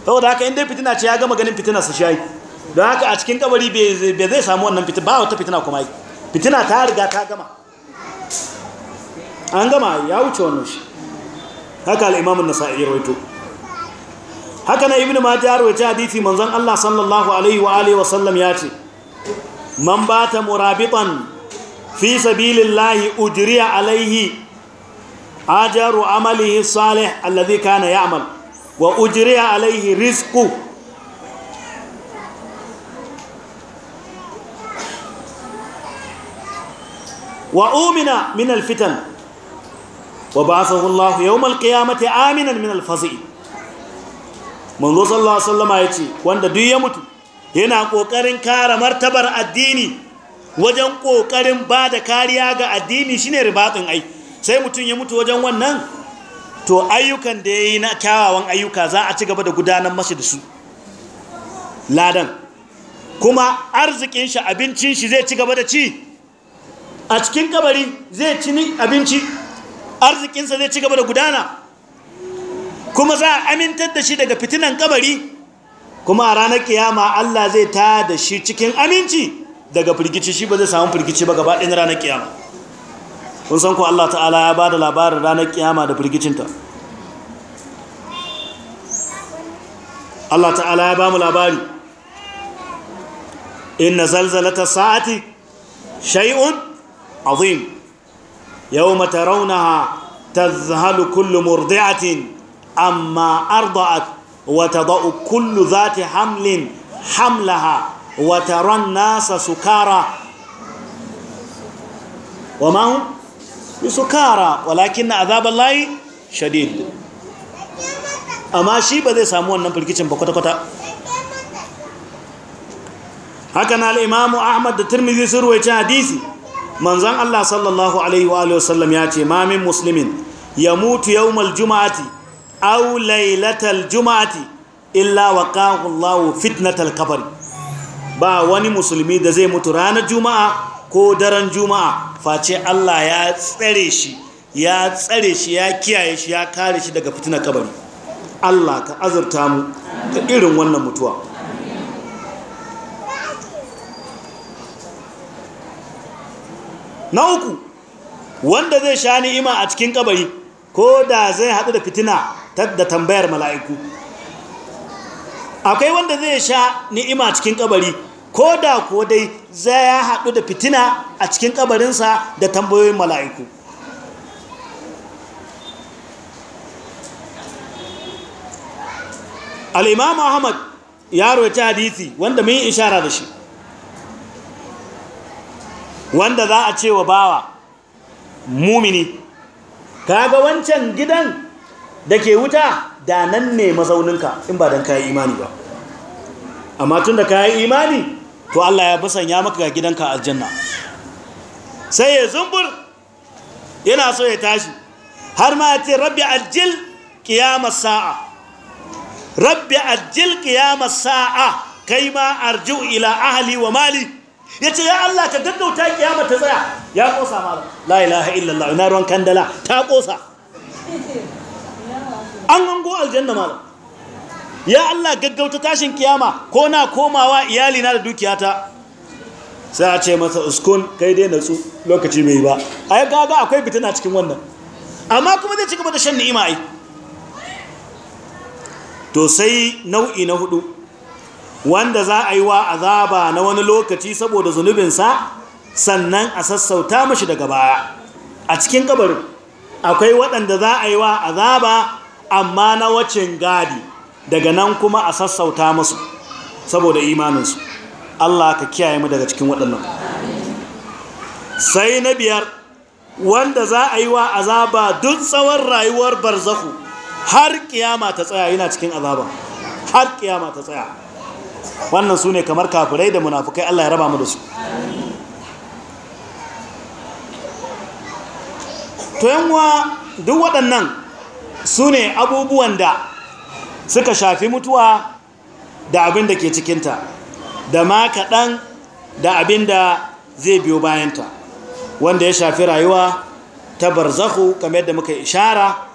saboda haka inda fitina ce ya gama ganin fitina su shayi don haka a cikin kabari bai zai samu wannan fitina ba wata fitina kuma yi fitina ta riga ta gama an gama ya wuce wannan shi haka al'imamun nasa'i rawaito haka na ibn mata ya rawaita hadithi manzon Allah sallallahu alaihi wa alihi wa sallam ya ce man bata murabitan fi sabilillahi ujriya alaihi ajaru amalihi salih alladhi kana ya'mal wa ujriya alaihi rizquhu وأؤمن من الفتن وبعثه الله يوم القيامة آمنا من الفزع منذ صلى sallama ya ce wanda وند ya mutu. yana kokarin kare martabar addini wajen kokarin ba da kariya ga addini shine ribatin ai sai mutum ya mutu wajen wannan to ayyukan da yayi na kyawawan ayyuka za a ci gaba da gudanar masa da su ladan kuma arzikin shi abincin shi zai ci gaba da ci a cikin kabari zai ci abinci arzikinsa zai ci gaba da gudana kuma za a amintar da shi daga fitinan kabari kuma a ranar kiyama Allah zai ta da shi cikin aminci daga firgici shi ba zai samu firgici ba gaba ɗin ranar kiyama kun san ku Allah ta'ala ya ba da labarin ranar kiyama da firgicinta Allah ta'ala ya ba mu labari inna zalzalata sa'ati shay'un عظيم يوم ترونها تذهل كل مرضعة أما أرضعت وتضع كل ذات حمل حملها وترى الناس سكارى وما هم بسكارى ولكن عذاب الله شديد أما شيء بدي سامو أنم بالكيشن بكتا كتا هكذا الإمام أحمد الترمذي سروي حديثي manzan Allah sallallahu alaihi wa sallam ya ce mamin musulmin ya mutu yawmal juma'ati au lailatal juma'ati illa wa Allah fitnatal kafar. ba wani musulmi da zai mutu ranar juma'a ko daren juma'a face Allah ya tsare shi ya tsare shi ya kiyaye shi ya kare shi daga fitina kabari Allah ka azurta mu ka irin wannan mutuwa na uku wanda zai sha ni'ima a cikin kabari ko da zai haɗu da fitina da tambayar mala'iku akwai wanda zai sha ni'ima a cikin kabari ko da ko dai zai haɗu da fitina a cikin kabarinsa da tambayoyin mala'iku al'imamu ahmad ya roci hadithi wanda mun yi ishara da shi wanda za a ce wa bawa mumini kaga wancan gidan da ke wuta da nan ne mazauninka in ba don kayi imani ba amma tun da kayi imani to Allah ya ya maka ga gidanka aljanna sai ya zumbur yana so ya tashi har ma ya ce rabbi aljil kiyamar sa'a rabbi aljil kiyamar sa'a kai ma arju ila ahali wa mali ya ce ya Allah ka gaggauta kiyama ta tsaya ya kosa ma la ilaha illallah ina ruwan kandala ta kosa an hango aljanna malam ya Allah gaggauta tashin kiyama ko na komawa iyalina da dukiyata sai a ce masa uskun kai dai tsu lokaci bai ba a yi gaga akwai fitina cikin wannan amma kuma zai ci gaba da shan ni'ima ai to sai nau'i na hudu wanda za a yi wa azaba na wani lokaci saboda zunubinsa sannan a sassauta mashi daga baya a cikin kabarin akwai waɗanda za a yi wa azaba amma na wacin gadi daga nan kuma a sassauta musu saboda imaninsu Allah ka kiyaye mu daga cikin waɗannan sai na biyar wanda za a yi wa azaba duk tsawon rayuwar Barzaku, har kiyama ta tsaya yana cikin azaba har kiyama ta tsaya wannan su ne kamar kafirai da munafukai Allah ya raba mu da su to yanwa duk waɗannan su ne abubuwan da suka shafi mutuwa da abin da ke cikinta da ma kaɗan da abin da zai biyo bayanta wanda ya shafi rayuwa ta barzahu kamar yadda muka ishara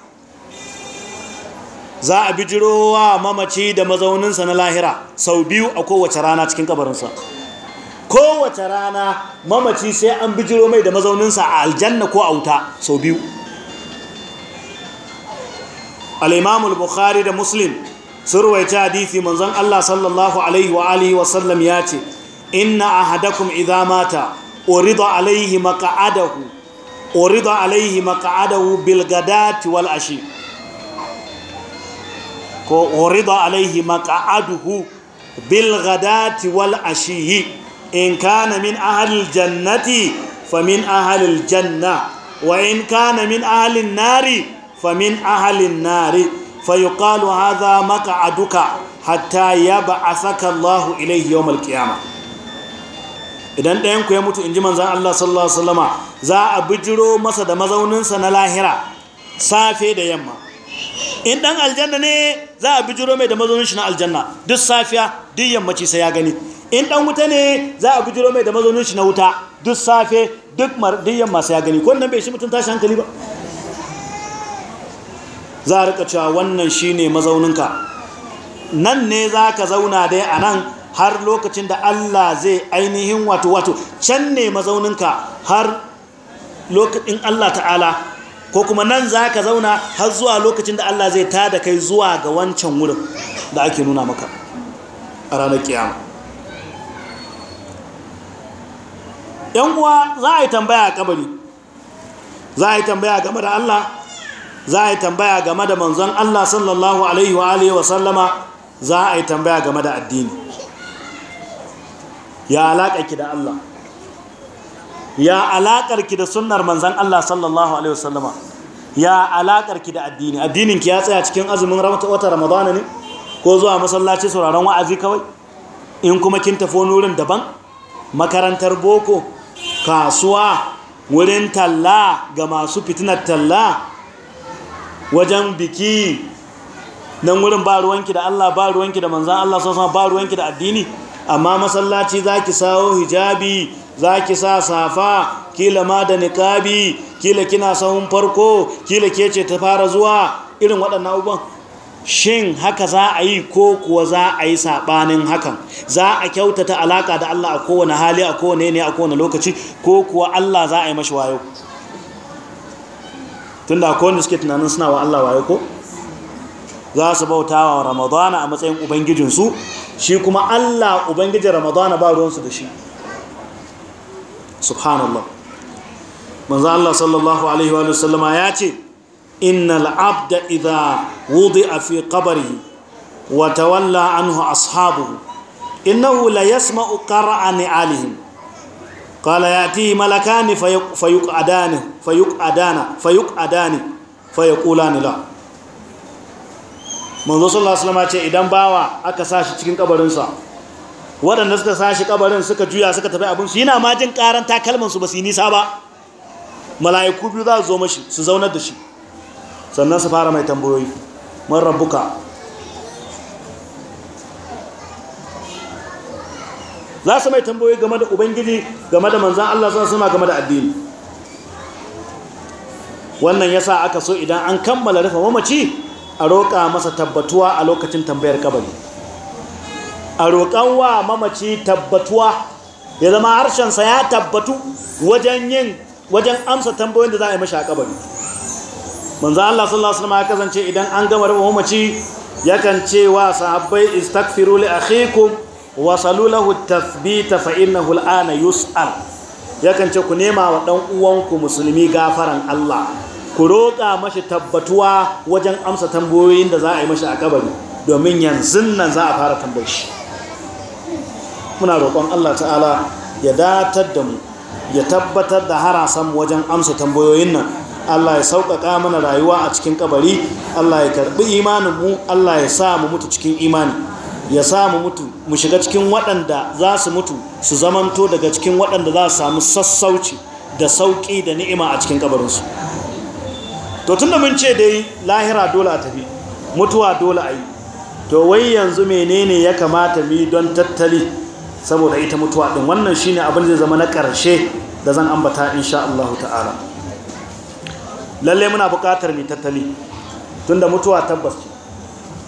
za a bijiro wa mamaci da mazauninsa na lahira sau biyu a kowace rana cikin kabarinsa kowace rana mamaci sai an bijiro mai da mazauninsa a aljanna ko a wuta sau biyu al'imamul bukhari da muslim sun hadithi manzon allah sallallahu alaihi wa alihi wasallam ya ce inna ahadakum idha mata urida alaihi maka'adahu urida alaihi maka'adahu bilgadati wal ashi ko urida alaihi maq'aduhu bil ghadati wal ashiyi in kana min ahli jannati famin ahli janna wa in kana min ahli nari famin ahli nari fayuqalu hadha maq'aduka hatta yab'athaka Allah ilayhi yawm al qiyamah idan ɗayan ku ya mutu inji ji Allah sallallahu Alaihi wasallama za a bijiro masa da mazauninsa na lahira safe da yamma in ɗan aljanna ne za a bijiro mai da mazaunin shi na aljanna duk safiya duk yammaci sai ya gani in ɗan wuta ne za a bijiro mai da mazaunin shi na wuta duk safe duk yamma sai ya gani ko nan bai shi mutum tashi hankali ba za a rika cewa wannan shi ne mazauninka nan ne za ka zauna dai a nan har lokacin da Allah zai ainihin wato wato can ne mazauninka har lokacin Allah ta'ala ko kuma nan za ka zauna har zuwa lokacin da Allah zai ta da kai zuwa ga wancan wurin da ake nuna maka a ranar kiyama yan uwa za a yi tambaya a kabari za a yi tambaya game da Allah za a yi tambaya game da manzon Allah sallallahu alaihi wa wa sallama za a yi tambaya game da addini ya alaƙa ki da Allah ya alakar da sunnar manzan Allah sallallahu alaihi wasallama ya alakar ki da addini addinin ki ya tsaya cikin azumin wata ramadana ne ko zuwa masallaci sauraron wa'azi kawai in kuma kin tafi wurin daban makarantar boko kasuwa wurin talla ga masu fitinar talla wajen biki nan wurin ba ruwanki da Allah ba ruwanki da manzan Allah sosai ba ruwanki da addini amma masallaci za ki sawo hijabi za ki sa safa kila ma da niƙabi kila kina sahun farko kila ke ce ta fara zuwa irin waɗannan abubuwan shin haka za a yi ko kuwa za a yi saɓanin hakan za a kyautata alaƙa da Allah a kowane hali a kowane ne a kowane lokaci ko kuwa Allah za a yi mashi wayo tun da kowane suke tunanin suna wa Allah wayo ko za su bauta wa ramadana a matsayin ubangijinsu shi kuma Allah ubangijin ramadana ba ruwansu da shi subhanallah manzo Allah sallallahu alaihi wa sallama ya ce innal abda idha wudi'a fi qabrihi wa tawalla anhu ashabuhu innahu la yasma'u qara'a ni'alihim qala yati malakani fayuqadani fayuqadana fayuqadani fayaqulani la manzo sallallahu alaihi wa sallama ce idan bawa aka sashi cikin kabarinsa waɗanda suka sashi ƙabarin suka juya suka tafi su yana ma jin ƙaran takalmansu ba su yi nisa ba mala'iku biyu za su zo mashi su zaunar da shi sannan su fara mai tambayoyi man rabuka za su mai tambayoyi game da ubangiji game da manzan Allah sun suna game da addini wannan ya sa aka so idan an kammala rufe mamaci a roƙa masa tabbatuwa a lokacin tambayar kabari a roƙon wa mamaci tabbatuwa ya zama harshensa ya tabbatu wajen yin wajen amsa tambayoyin da za a yi mashi a kabari manzo Allah sallallahu alaihi wasallam ya kasance idan an gama rubuta mamaci yakan ce wa sahabbai istaghfiru li akhikum wa salu lahu tathbita fa innahu al'ana yus'al yakan ce ku nema wa dan uwanku musulmi gafaran Allah ku roƙa mashi tabbatuwa wajen amsa tambayoyin da za a yi mashi a kabari domin yanzu nan za a fara tambayar shi muna roƙon Allah ta'ala ya datar da mu ya tabbatar da harasan wajen amsa tambayoyin nan Allah ya sauƙaƙa mana rayuwa a cikin kabari Allah ya karɓi imanin mu Allah ya sa mu mutu cikin imani ya sa mu mutu mu shiga cikin waɗanda za su mutu su zamanto daga cikin waɗanda za su samu sassauci da sauƙi da ni'ima a cikin kabarinsu to tun da mun ce dai lahira dole a tafi mutuwa dole a yi to wai yanzu menene ya kamata mu don tattali saboda ita mutuwa din wannan shine abin zai zama na ƙarshe da zan ambata insha Allah ta'ala lalle muna buƙatar mai tattali tunda mutuwa tabbas ce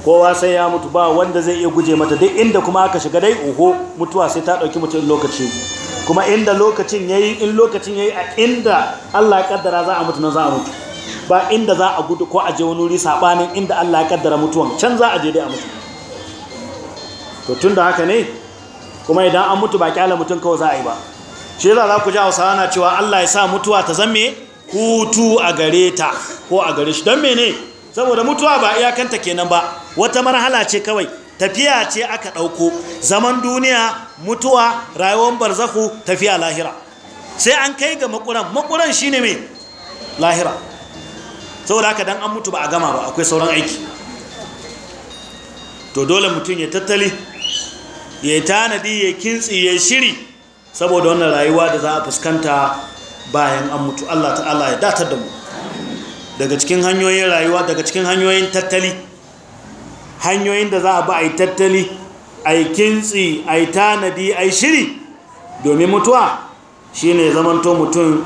kowa sai ya mutu ba wanda zai iya guje mata duk inda kuma aka shiga dai oho mutuwa sai ta ɗauki mutum lokaci kuma inda lokacin ya in lokacin a inda Allah ya kaddara za a mutu na za a mutu ba inda za a gudu ko a je wani wuri sabanin inda Allah ya kaddara mutuwan can za a je dai a mutu to tunda haka ne kuma idan an mutu ba kyala mutum kawai za a yi ba shi yasa za ku ji hausawa na cewa Allah ya sa mutuwa ta zame hutu a gare ta ko a gare shi don mene saboda mutuwa ba iyakanta kenan ba wata marhala ce kawai tafiya ce aka ɗauko zaman duniya mutuwa rayuwar barzahu tafiya lahira sai an kai ga makuran makuran shine mai lahira saboda haka dan an mutu ba a gama ba akwai sauran aiki to dole mutum ya tattali ya tanadi ya kintsi ya shiri saboda wannan rayuwa da za a fuskanta bayan an mutu Allah ta'ala ya datar da mu daga cikin hanyoyin rayuwa daga cikin hanyoyin tattali hanyoyin da za a ba a yi tattali a yi kintsi a yi tanadi a yi shiri domin mutuwa shi ne zamanto mutum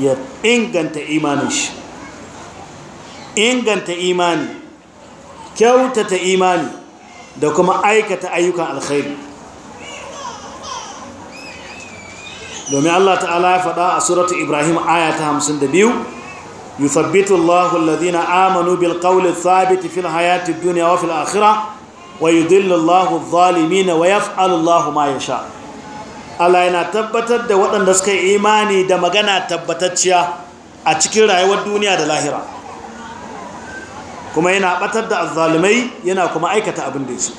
ya inganta imanin shi inganta imani kyautata imani da kuma aikata ayyukan alkhairi domin Allah ta'ala ya faɗa a suratu Ibrahim aya ta 52 yuthabbitu Allahu alladhina amanu bil qawli thabit fil hayati dunya wa fil akhirah wa yudhillu Allahu adh-dhalimin wa yaf'alu Allahu ma yasha Allah yana tabbatar da waɗanda suka yi imani da magana tabbatacciya a cikin rayuwar duniya da lahira kuma yana batar da azzalumai yana kuma aikata abin da yasu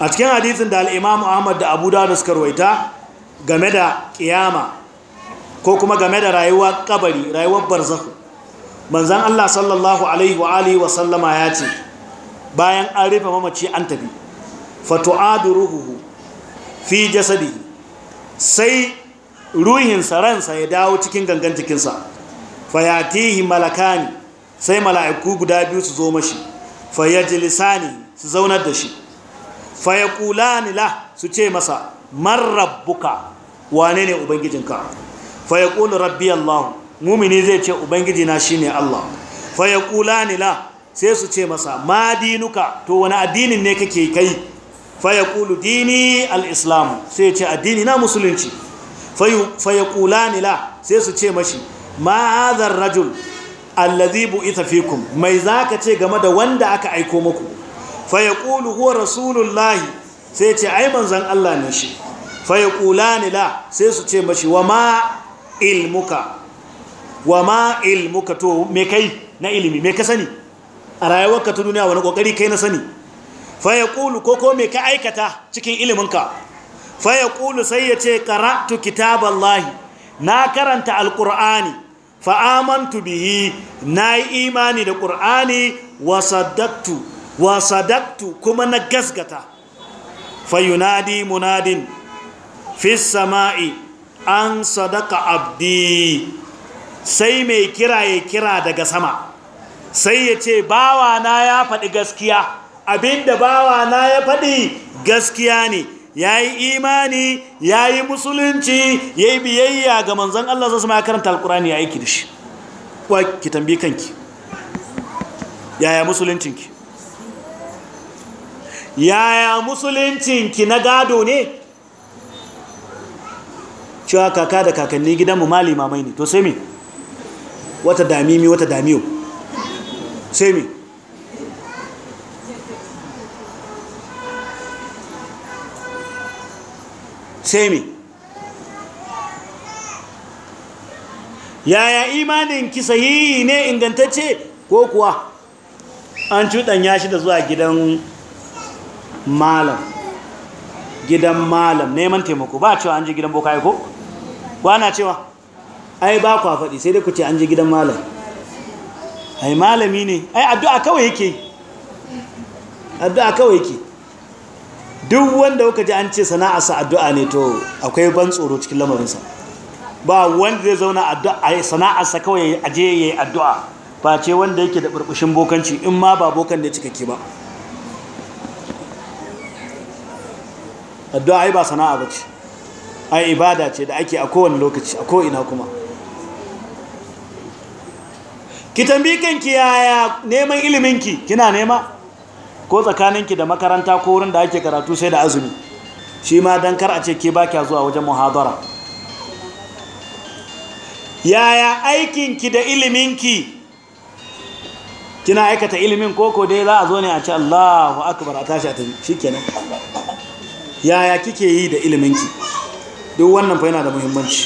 a cikin hadisin da al'imamu ahmad da abu da suka ruwaita game da kiyama ko kuma game da rayuwar kabari rayuwar barzahu manzan allah sallallahu alaihi wa alihi wasallama ya ce bayan an rufe mamaci an tafi fatu'adu ruhuhu fi jasadi sai ruhinsa ransa ya dawo cikin gangan jikinsa fayatihi malakani sai mala'iku guda biyu su zo mashi fayajlisani su zaunar da shi fayakulani la su ce masa man rabbuka wane ne ubangijinka fayaqulu rabbi allah mumini zai ce ubangiji na shine allah fayakulani la sai su ce masa ma dinuka to wani addinin ne kake kai fayaqulu dini al-islam sai ce addini na musulunci fayakulani la sai su ce mashi ma hadhar rajul allazi bu'itha fikum mai zaka ce game da wanda aka aiko muku fa yaqulu huwa rasulullahi sai ce ai manzon Allah ne shi fa yaqulani la sai su ce mashi wa ma ilmuka wa ma ilmuka to me kai na ilimi me ka sani a rayuwarka ta duniya wani kokari kai na sani fa yaqulu ko ko me ka aikata cikin iliminka fa yaqulu sai ya ce qara'tu kitaballahi na karanta alqur'ani fa'amantu bihi na yi imani da ƙur'ani wa sadaktu kuma na gasgata fayunadi munadin fi sama'i an sadaka abdi sai mai kira ya kira daga sama sai ya ce bawana ya faɗi gaskiya abinda bawana ya faɗi gaskiya ne ya yi imani ya yi musulunci ya yi biyayya ga manzan Allah zasu ma karanta alkurani ya yi da shi kuwa ki tambi kanki yaya musuluncinki yaya musuluncinki na gado ne cewa kaka da kakanni gidanmu mali mamai ne to sai mi wata damimi wata damiyo sai mi sai yaya imanin ki sahihi ne ingantacce ko kuwa an cuɗanya shi da zuwa gidan malam gidan malam neman taimako ba cewa an je gidan boka ko na cewa ai ba kwa faɗi sai dai ku ce an je gidan malam ai malami ne ai addu'a kawai yake addu'a kawai yake duk wanda kuka ji an ce sana'arsa addu'a ne to akwai ban tsoro cikin lamarinsa ba wanda zai zauna sana'arsa kawai aje yayi addu'a ba ce wanda yake da burbushin bokanci in ma ba bokan da cikakke ba addu'a ai ba sana'a ba ce ai ibada ce da ake a kowane lokaci a ko ina kuma ki tambi kanki yaya neman iliminki kina nema ko tsakaninki da makaranta ko wurin da ake karatu sai da azumi shi ma don kar a ce ke ba kya zuwa wajen muhadara yaya aikinki da iliminki kina aikata ilimin koko dai za a zo ne a ce Allahu akbar a tashi a tafi shikenan yaya kike yi da iliminki duk wannan fa yana da muhimmanci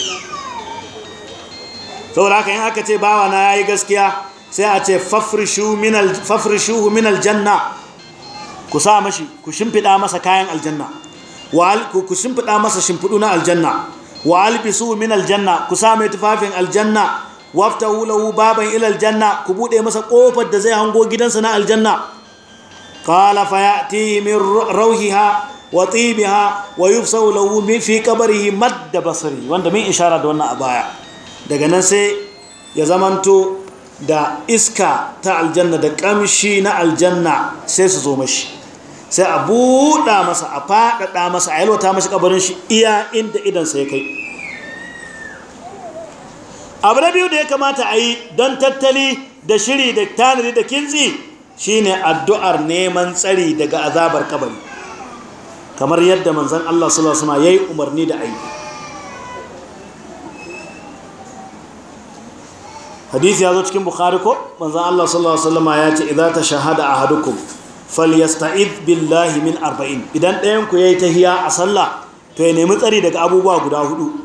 saboda haka in aka ce bawa na yi gaskiya sai a ce fafrishu minal janna ku sa mashi ku shimfiɗa masa kayan aljanna ku shimfiɗa masa shimfiɗu na aljanna wa albisu min aljanna ku sa mai tufafin aljanna waftahu wulawu baban ila aljanna ku buɗe masa ƙofar da zai hango gidansa na aljanna qala fa ya'ti min rawhiha wa tibiha wa yufsahu lahu fi qabrihi madda basari wanda min ishara da wannan a baya daga nan sai ya zamanto da iska ta aljanna da kamshi na aljanna sai su zo mashi sai a buɗa masa a faɗaɗa masa a yalwata mashi kabarin shi iya inda idan ya kai abu na biyu da ya kamata a yi don tattali da shiri da tanadi da kintsi shine addu'ar neman tsari daga azabar kabari kamar yadda manzan Allah sallallahu alaihi ya yi umarni da ayi hadisi ya zo cikin bukhari ko manzan Allah sallallahu alaihi ya ce idza tashahada ahadukum falyasta'id billahi min arba'in idan ɗayan ku yayi tahiya a sallah to ya nemi tsari daga abubuwa guda hudu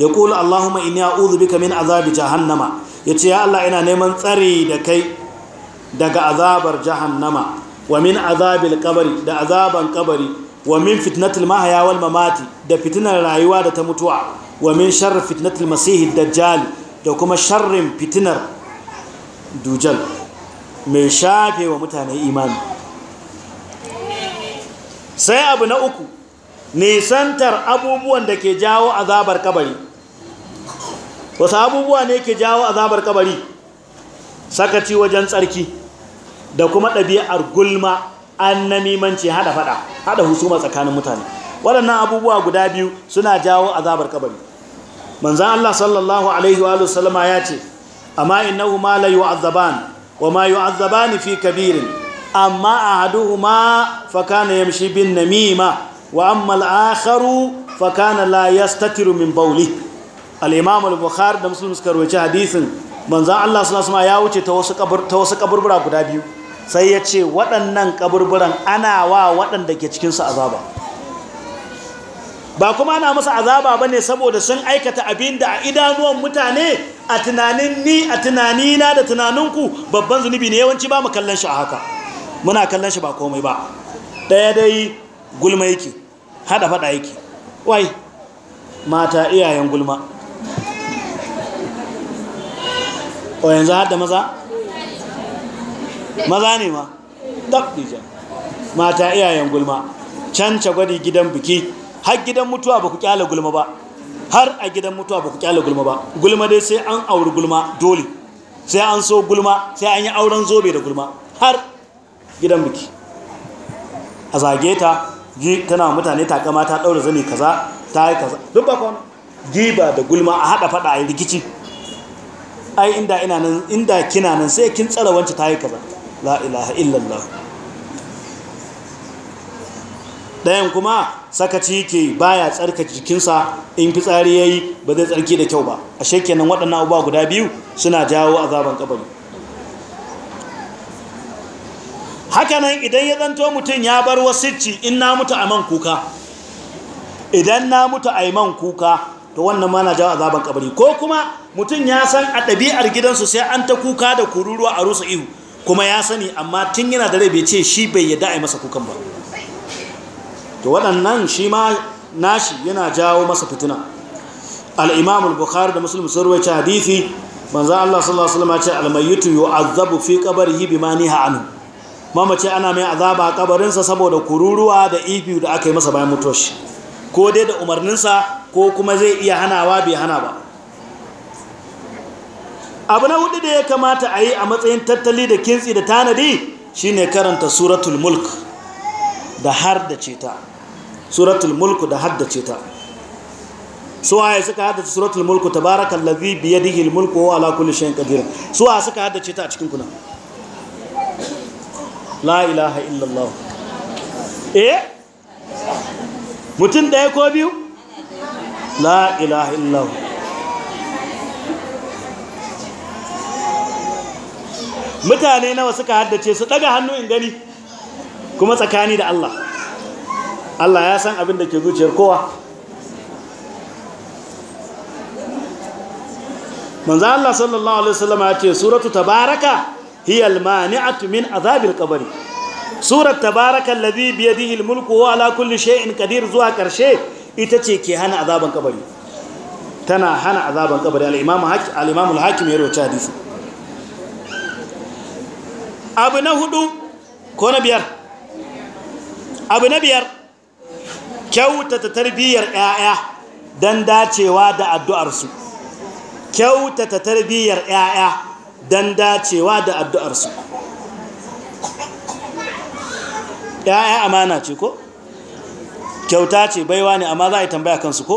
ya qulu allahumma inni a'udhu bika min azabi jahannama yace ya allah ina neman tsari da kai daga azabar jahannama wa min azabil qabri da azaban qabri wa min fitnatil mahya wal mamati da fitinar rayuwa da ta mutuwa wa min sharri fitnatil masihid dajjal da kuma sharrin fitinar dujal mai shafe wa mutane imani sai abu na uku nisantar abubuwan da ke jawo azabar kabari wasu abubuwa ne ke jawo azabar kabari sakaci wajen tsarki da kuma ɗabi'ar gulma an namimanci haɗa faɗa haɗa husuma tsakanin mutane waɗannan abubuwa guda biyu suna jawo azabar kabari manzan Allah sallallahu alaihi wa sallama ya ce amma innahu ma la yu'azzaban wa ma yu'azzabani fi kabirin amma ahaduhuma fa kana yamshi bin namima wa amma al-akharu fa kana la yastatiru min bawli al-bukhari da muslim suka rawaci hadisin manzon Allah suna alaihi ya wuce ta wasu kaburbura guda biyu sai ya ce waɗannan kaburburan ana wa waɗanda ke cikin su azaba ba kuma ana masa azaba bane saboda sun aikata abin da a idanuwan mutane a tunanin ni a tunanina da tunaninku babban zunubi ne yawanci ba mu kallon shi a haka muna kallon shi ba komai ba ɗaya dai gulma yake haɗa faɗa yake wai mata iyayen gulma o yanzu haɗa maza maza ne ma ɗaɓɗija mata iyayen gulma can gwadi gidan biki har gidan mutuwa ba ku kyala gulma ba har a gidan mutuwa ba ku kyala gulma ba gulma dai sai an auri gulma dole sai an so gulma sai an yi auren zobe da gulma har gidan biki a zage ta ji tana mutane takama ta daura zane kaza ta yi kaza duk ba kwan giba da gulma a haɗa faɗa a yi rikici ai inda ina nan inda kina nan sai kin tsara wancan ta yi kaza la ilaha illallah dayan kuma sakaci ke baya tsarka jikinsa in fitsari yi ba zai tsarki da kyau ba ashe kenan waɗannan abubuwa guda biyu suna jawo azaban kabari hakanan idan ya zanto mutum ya bar wasicci in na mutu a man kuka idan na mutu a man kuka to wannan mana jawo a zaben kabari ko kuma mutum ya san a ɗabi'ar gidansu sai an ta kuka da kururuwa a rusa ihu kuma ya sani amma tun yana da rai bai ce shi bai yadda a yi masa kukan ba to waɗannan shi ma nashi yana jawo masa fitina al'imam al-bukhari da musulmi sun rawaita hadisi manzo Allah sallallahu alaihi wasallam ya ce al-mayyitu yu'azzabu fi qabrihi bima niha anhu mamace ana mai azaba a kabarinsa saboda kururuwa da ifi da aka yi masa bayan shi ko dai da umarninsa ko kuma zai iya hanawa bai hana ba abu na hudu da ya kamata a yi a matsayin tattali da kintsi da tanadi shine karanta suratul mulk da har da ceta suratul mulk da har da ceta suwaye suka haddace suratul mulk tabarakallazi biyadihi almulku wa ala kulli shay'in qadir suwa suka haddace ta a cikin kuna la ilaha illallah eh mutum ɗaya ko biyu la ilaha illallah mutane nawa suka haddace su daga hannu in gani kuma tsakani da Allah Allah ya san abin da ke zuciyar kowa manzo Allah sallallahu alaihi wasallam ya ce suratu tabaraka hiya almani'atu min azabil qabri surat tabarakal ladhi bi yadihi almulku wa ala kulli shay'in qadir zuwa karshe ita ce ke hana azaban kabari tana hana azaban kabari al-imam al-imam al-hakim ya rawaita hadisi abu na hudu ko na biyar abu na biyar kyautata tarbiyar 'ya'ya Dan dacewa da addu'arsu kyautata tarbiyar 'ya'ya Dan dacewa da addu'arsu ‘ya'ya amana ce ko kyauta ce baiwa ne amma za a yi tambaya kansu ko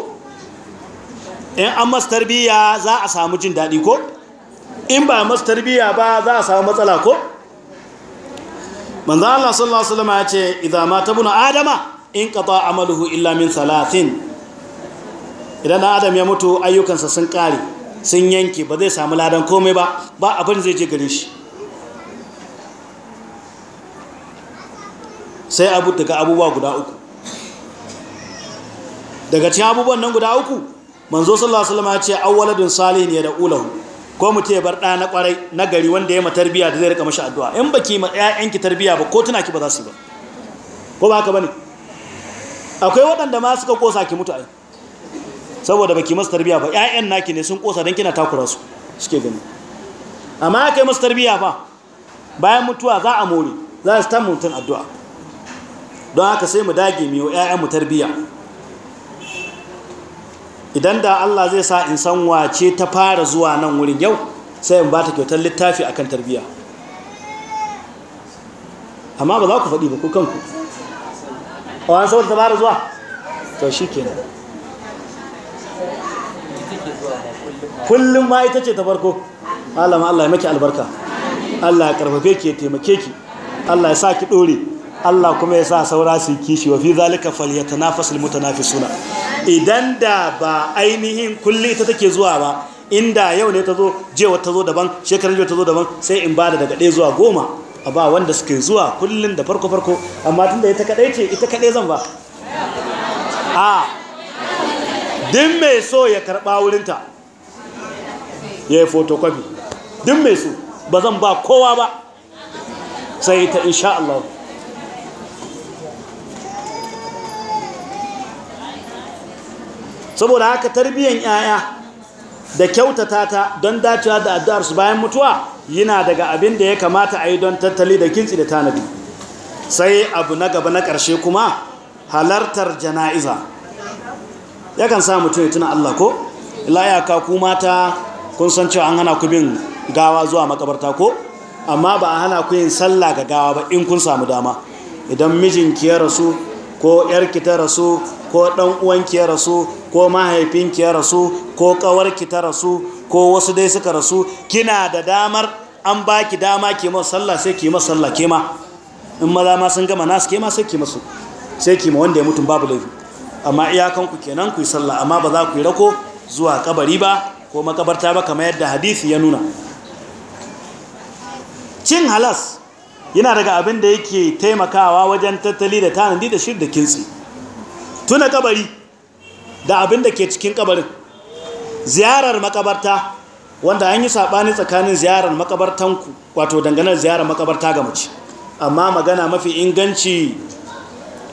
in an masu tarbiyya za a samu jin daɗi ko in ba masu tarbiyya ba za a samu matsala ko manzan Allah sallallahu Alaihi wasallam ya ce izama ta buna adama in ƙafa amaluhu illa min salatin idan adam ya mutu ayyukansa sun ƙare sun yanke ba zai samu ladan komai ba ba abin zai je gare shi sai abu daga abubuwa guda uku daga cin abubuwan nan guda uku manzo sallallahu alaihi wasallam ya ce awwaladun salihin ya da'ulahu ko mu bar da na kwarai na gari wanda ya ma tarbiya da zai rika mashi addu'a in baki ma 'ya'yanki tarbiya ba ko tuna ki ba za su yi ba ko ba haka bane akwai waɗanda ma suka kosa ki mutu ai saboda baki masu tarbiya ba ƴaƴan naki ne sun kosa don kina takura su suke gani amma aka yi masu tarbiya ba bayan mutuwa za a more za su tamu mutum addu'a don haka sai mu dage mu ƴaƴan mu tarbiya idan da Allah zai sa in san wace ta fara zuwa nan wurin yau sai in ba ta kyautar littafi akan tarbiya amma ba za ku faɗi ba ku kanku a wani saboda ta fara zuwa to shi kenan kullum ma ita ce ta farko ma Allah ya maki albarka Allah ya karfafe ki ya taimake ki Allah ya sa ki dore Allah kuma ya sa saura su kishi wa fi zalika falyatanafasul mutanafisuna idan da ba ainihin kulli ita take zuwa ba inda yau ne ta zo jewa ta zo daban shekarar jewa ta zo daban sai in ba da daga ɗaya zuwa goma a ba wanda suke zuwa kullum da farko farko amma tun da ita kaɗai ce ita kaɗai zan ba a din mai so ya karɓa wurinta ya yi photocopy duk mai su ba zan ba kowa ba sai ta insha Allah saboda haka tarbiyyar yaya da kyautata ta don dacewa da addu'ar su bayan mutuwa yana daga abin da ya kamata a yi don tattali da kintsi da tanadi sai abu na gaba na ƙarshe kuma halartar jana'iza yakan sa mutum ya tuna Allah ko ila ya ka mata kun san cewa an hana ku bin gawa zuwa makabarta ko amma ba a hana ku yin sallah ga gawa ba in kun samu dama idan mijinki ya rasu ko yarki ta rasu ko dan uwanki ya rasu ko mahaifinki ya rasu ko kawarki ta rasu ko wasu dai suka rasu kina da damar an baki dama ki ma sallah sai ki ma sallah ke ma in maza ma sun gama nasu ke ma sai ki masu sai ki ma wanda ya mutum babu laifi amma iyakanku kenan ku yi sallah amma ba za ku yi rako zuwa kabari ba ko makabarta ba kamar yadda hadisi ya nuna cin halas yana daga abin da yake taimakawa wajen tattali da tanadi da shirin da kintsi tuna kabari da abin da ke cikin kabarin ziyarar makabarta wanda an yi saɓani tsakanin ziyarar makabartanku wato danganar ziyarar makabarta ga mace amma magana mafi inganci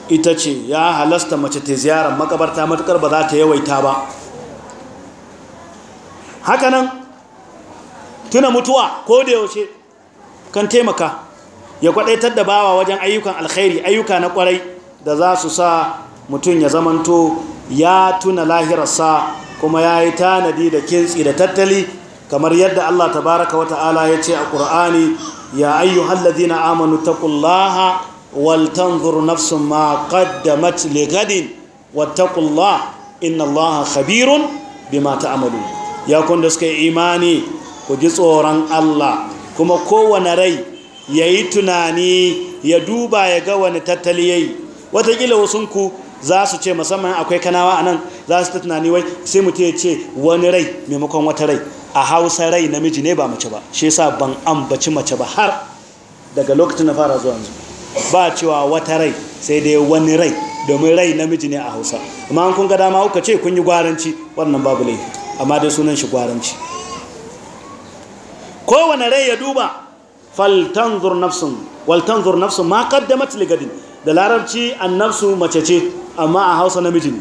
ita ce ya halasta mace ta ziyarar makabarta matukar ba za ta yawaita ba hakanan tuna mutuwa ko da yaushe kan taimaka ya kwadaitar da bawa wajen ayyukan alkhairi ayyuka na kwarai da za su sa mutum ya zamanto ya tuna lahirarsa kuma ya yi tanadi da kintsi da tattali kamar yadda Allah tabaraka wa ta'ala ya ce a ƙur'ani ya ayyuhal ladina amanu taqullaha wal tanzur nafsun ma qaddamat li gadin wattaqullaha inna allaha khabirun bima ta'malun ya kun da suka yi imani ku ji tsoron Allah kuma kowane rai ya yi tunani ya duba ya ga wani tattali ya yi watakila wasunku za su ce musamman akwai kanawa a nan za su ta tunani wai sai mutum ya ce wani rai maimakon wata rai a hausa rai namiji ne ba mace ba shi yasa ban ambaci mace ba har daga lokacin na fara zuwa yanzu ba cewa wata rai sai dai wani rai domin rai namiji ne a hausa amma kun ga dama kuka ce kun yi gwaranci wannan babu laifi amma dai sunan shi gwaranci kowane rai ya duba faltanzur nafsun waltanzur nafsun ma qaddamat ligadin da larabci nafsu mace ce amma a Hausa namiji ne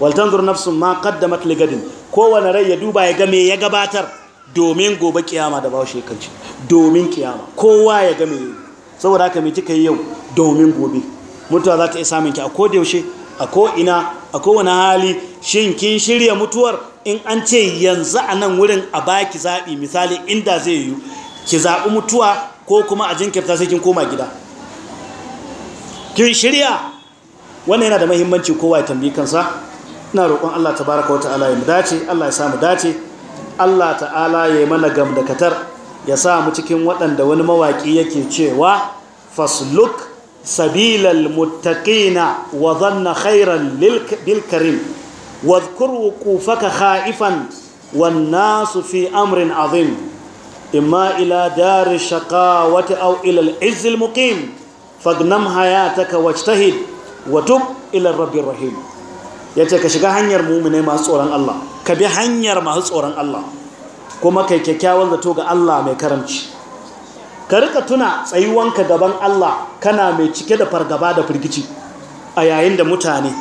waltanzur nafsun ma qaddamat ligadin kowane rai ya duba ya ga me ya gabatar domin gobe kiyama da bawashe kanci domin kiyama kowa ya ga me saboda haka me kika yi yau domin gobe mutuwa za ta iya samun ki a da yaushe a ko ina a kowane hali shin kin shirya mutuwar in an ce yanzu a nan wurin a baki zaɓi misali inda zai yiwu ki zaɓi mutuwa ko kuma a jinkirta sai kin koma gida kin shirya wannan yana da mahimmanci kowa ya tambi kansa ina roƙon Allah baraka wa ta'ala ya mu dace Allah ya sa dace Allah ta'ala ya yi mana gamdakatar ya sa mu cikin waɗanda wani mawaƙi yake cewa fasluk sabilal muttaqina wa dhanna khairan lil واذكر وقوفك خائفا والناس في أمر عظيم إما إلى دار الشقاوة أو إلى العز المقيم فاغنم حياتك واجتهد وتب إلى الرب الرحيم yace ka shiga hanyar mu'mine masu tsoron Allah ka bi hanyar masu tsoron Allah kuma kai kyakkyawan zato ga Allah mai karamci ka rika tuna tsayuwanka gaban Allah kana mai cike da fargaba da firgici a yayin da mutane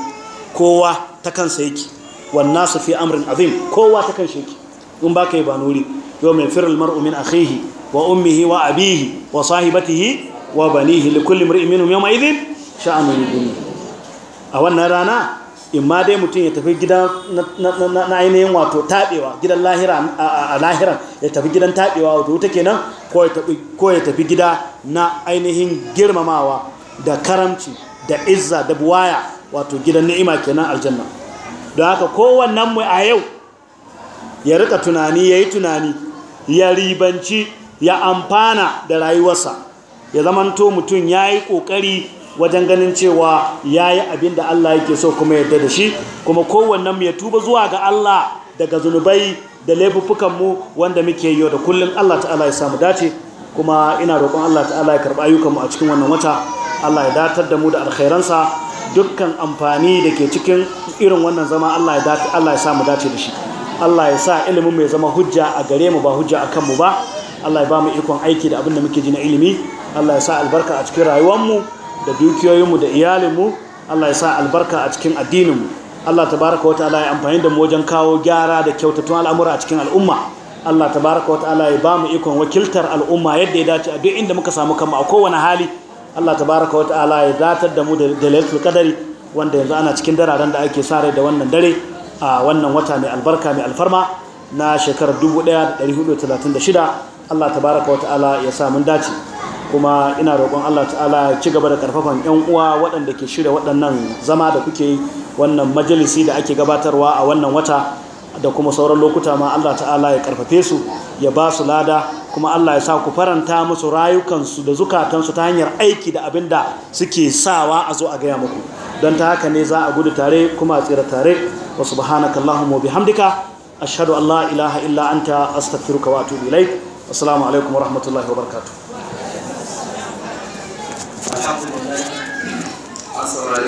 kowa ta kansa yake wannan su fi amrin azim kowa ta kansa yake in ba ka yi ba nuri yau mai firin mar'u min akhihi wa ummihi wa abihi wa sahibatihi wa banihi li kulli mar'in minhum yawma idhin sha'anun yudni a wannan rana in ma dai mutum ya tafi gidan na ainihin wato taɓewa gidan lahira a lahiran ya tafi gidan taɓewa wato wuta kenan ko ya tafi gida na ainihin girmamawa da karamci da izza da buwaya wato gidan ni'ima kenan aljanna don haka kowannen mu a yau ya rika tunani ya yi tunani ya ribanci ya amfana da rayuwarsa ya zamanto mutum ya yi ƙoƙari wajen ganin cewa ya yi abin da Allah yake so kuma yadda da shi kuma kowannen mu ya tuba zuwa ga Allah daga zunubai da mu wanda muke yi da kullum Allah ta'ala ya samu dace kuma ina roƙon Allah ta'ala ya karɓi ayyukanmu a cikin wannan wata Allah ya datar da mu da alkhairansa dukkan amfani da ke cikin irin wannan zama Allah ya sa mu dace da shi Allah ya sa ilimin mai zama hujja a gare mu ba hujja a kanmu ba Allah ya ba mu ikon aiki da abin da muke ji na ilimi Allah ya sa albarka a cikin rayuwarmu da dukiyoyinmu da iyalinmu Allah ya sa albarka a cikin addininmu Allah tabaraka ala ya amfani da mu wajen kawo gyara da kyautattun al'amura a cikin al'umma Allah tabaraka ala ya ba mu ikon wakiltar al'umma yadda ya dace a duk inda muka samu kanmu a kowane hali Allah tabaraka wata'ala ya zatar da mu da lailatul kadari wanda yanzu ana cikin dararen da ake sare da wannan dare a wannan wata mai albarka mai alfarma na shekarar 1436 Allah tabaraka wata'ala ya sa mun dace kuma ina roƙon Allah ta'ala ya ci gaba da karfafan ƴan uwa waɗanda ke shirya waɗannan zama da kuke wannan majalisi da ake gabatarwa a wannan wata da kuma sauran lokuta ma Allah ta'ala ya karfafe su ya ba su lada kuma Allah ya sa ku faranta musu rayukansu da zukatansu ta hanyar aiki da abin da suke sawa a zo a gaya muku don ta haka ne za a gudu tare kuma a tsira tare wa subhanaka allahumma bihamdika ashhadu an la ilaha illa anta astaghfiruka wa atubu ilaik assalamu alaikum wa rahmatullahi wa barakatuh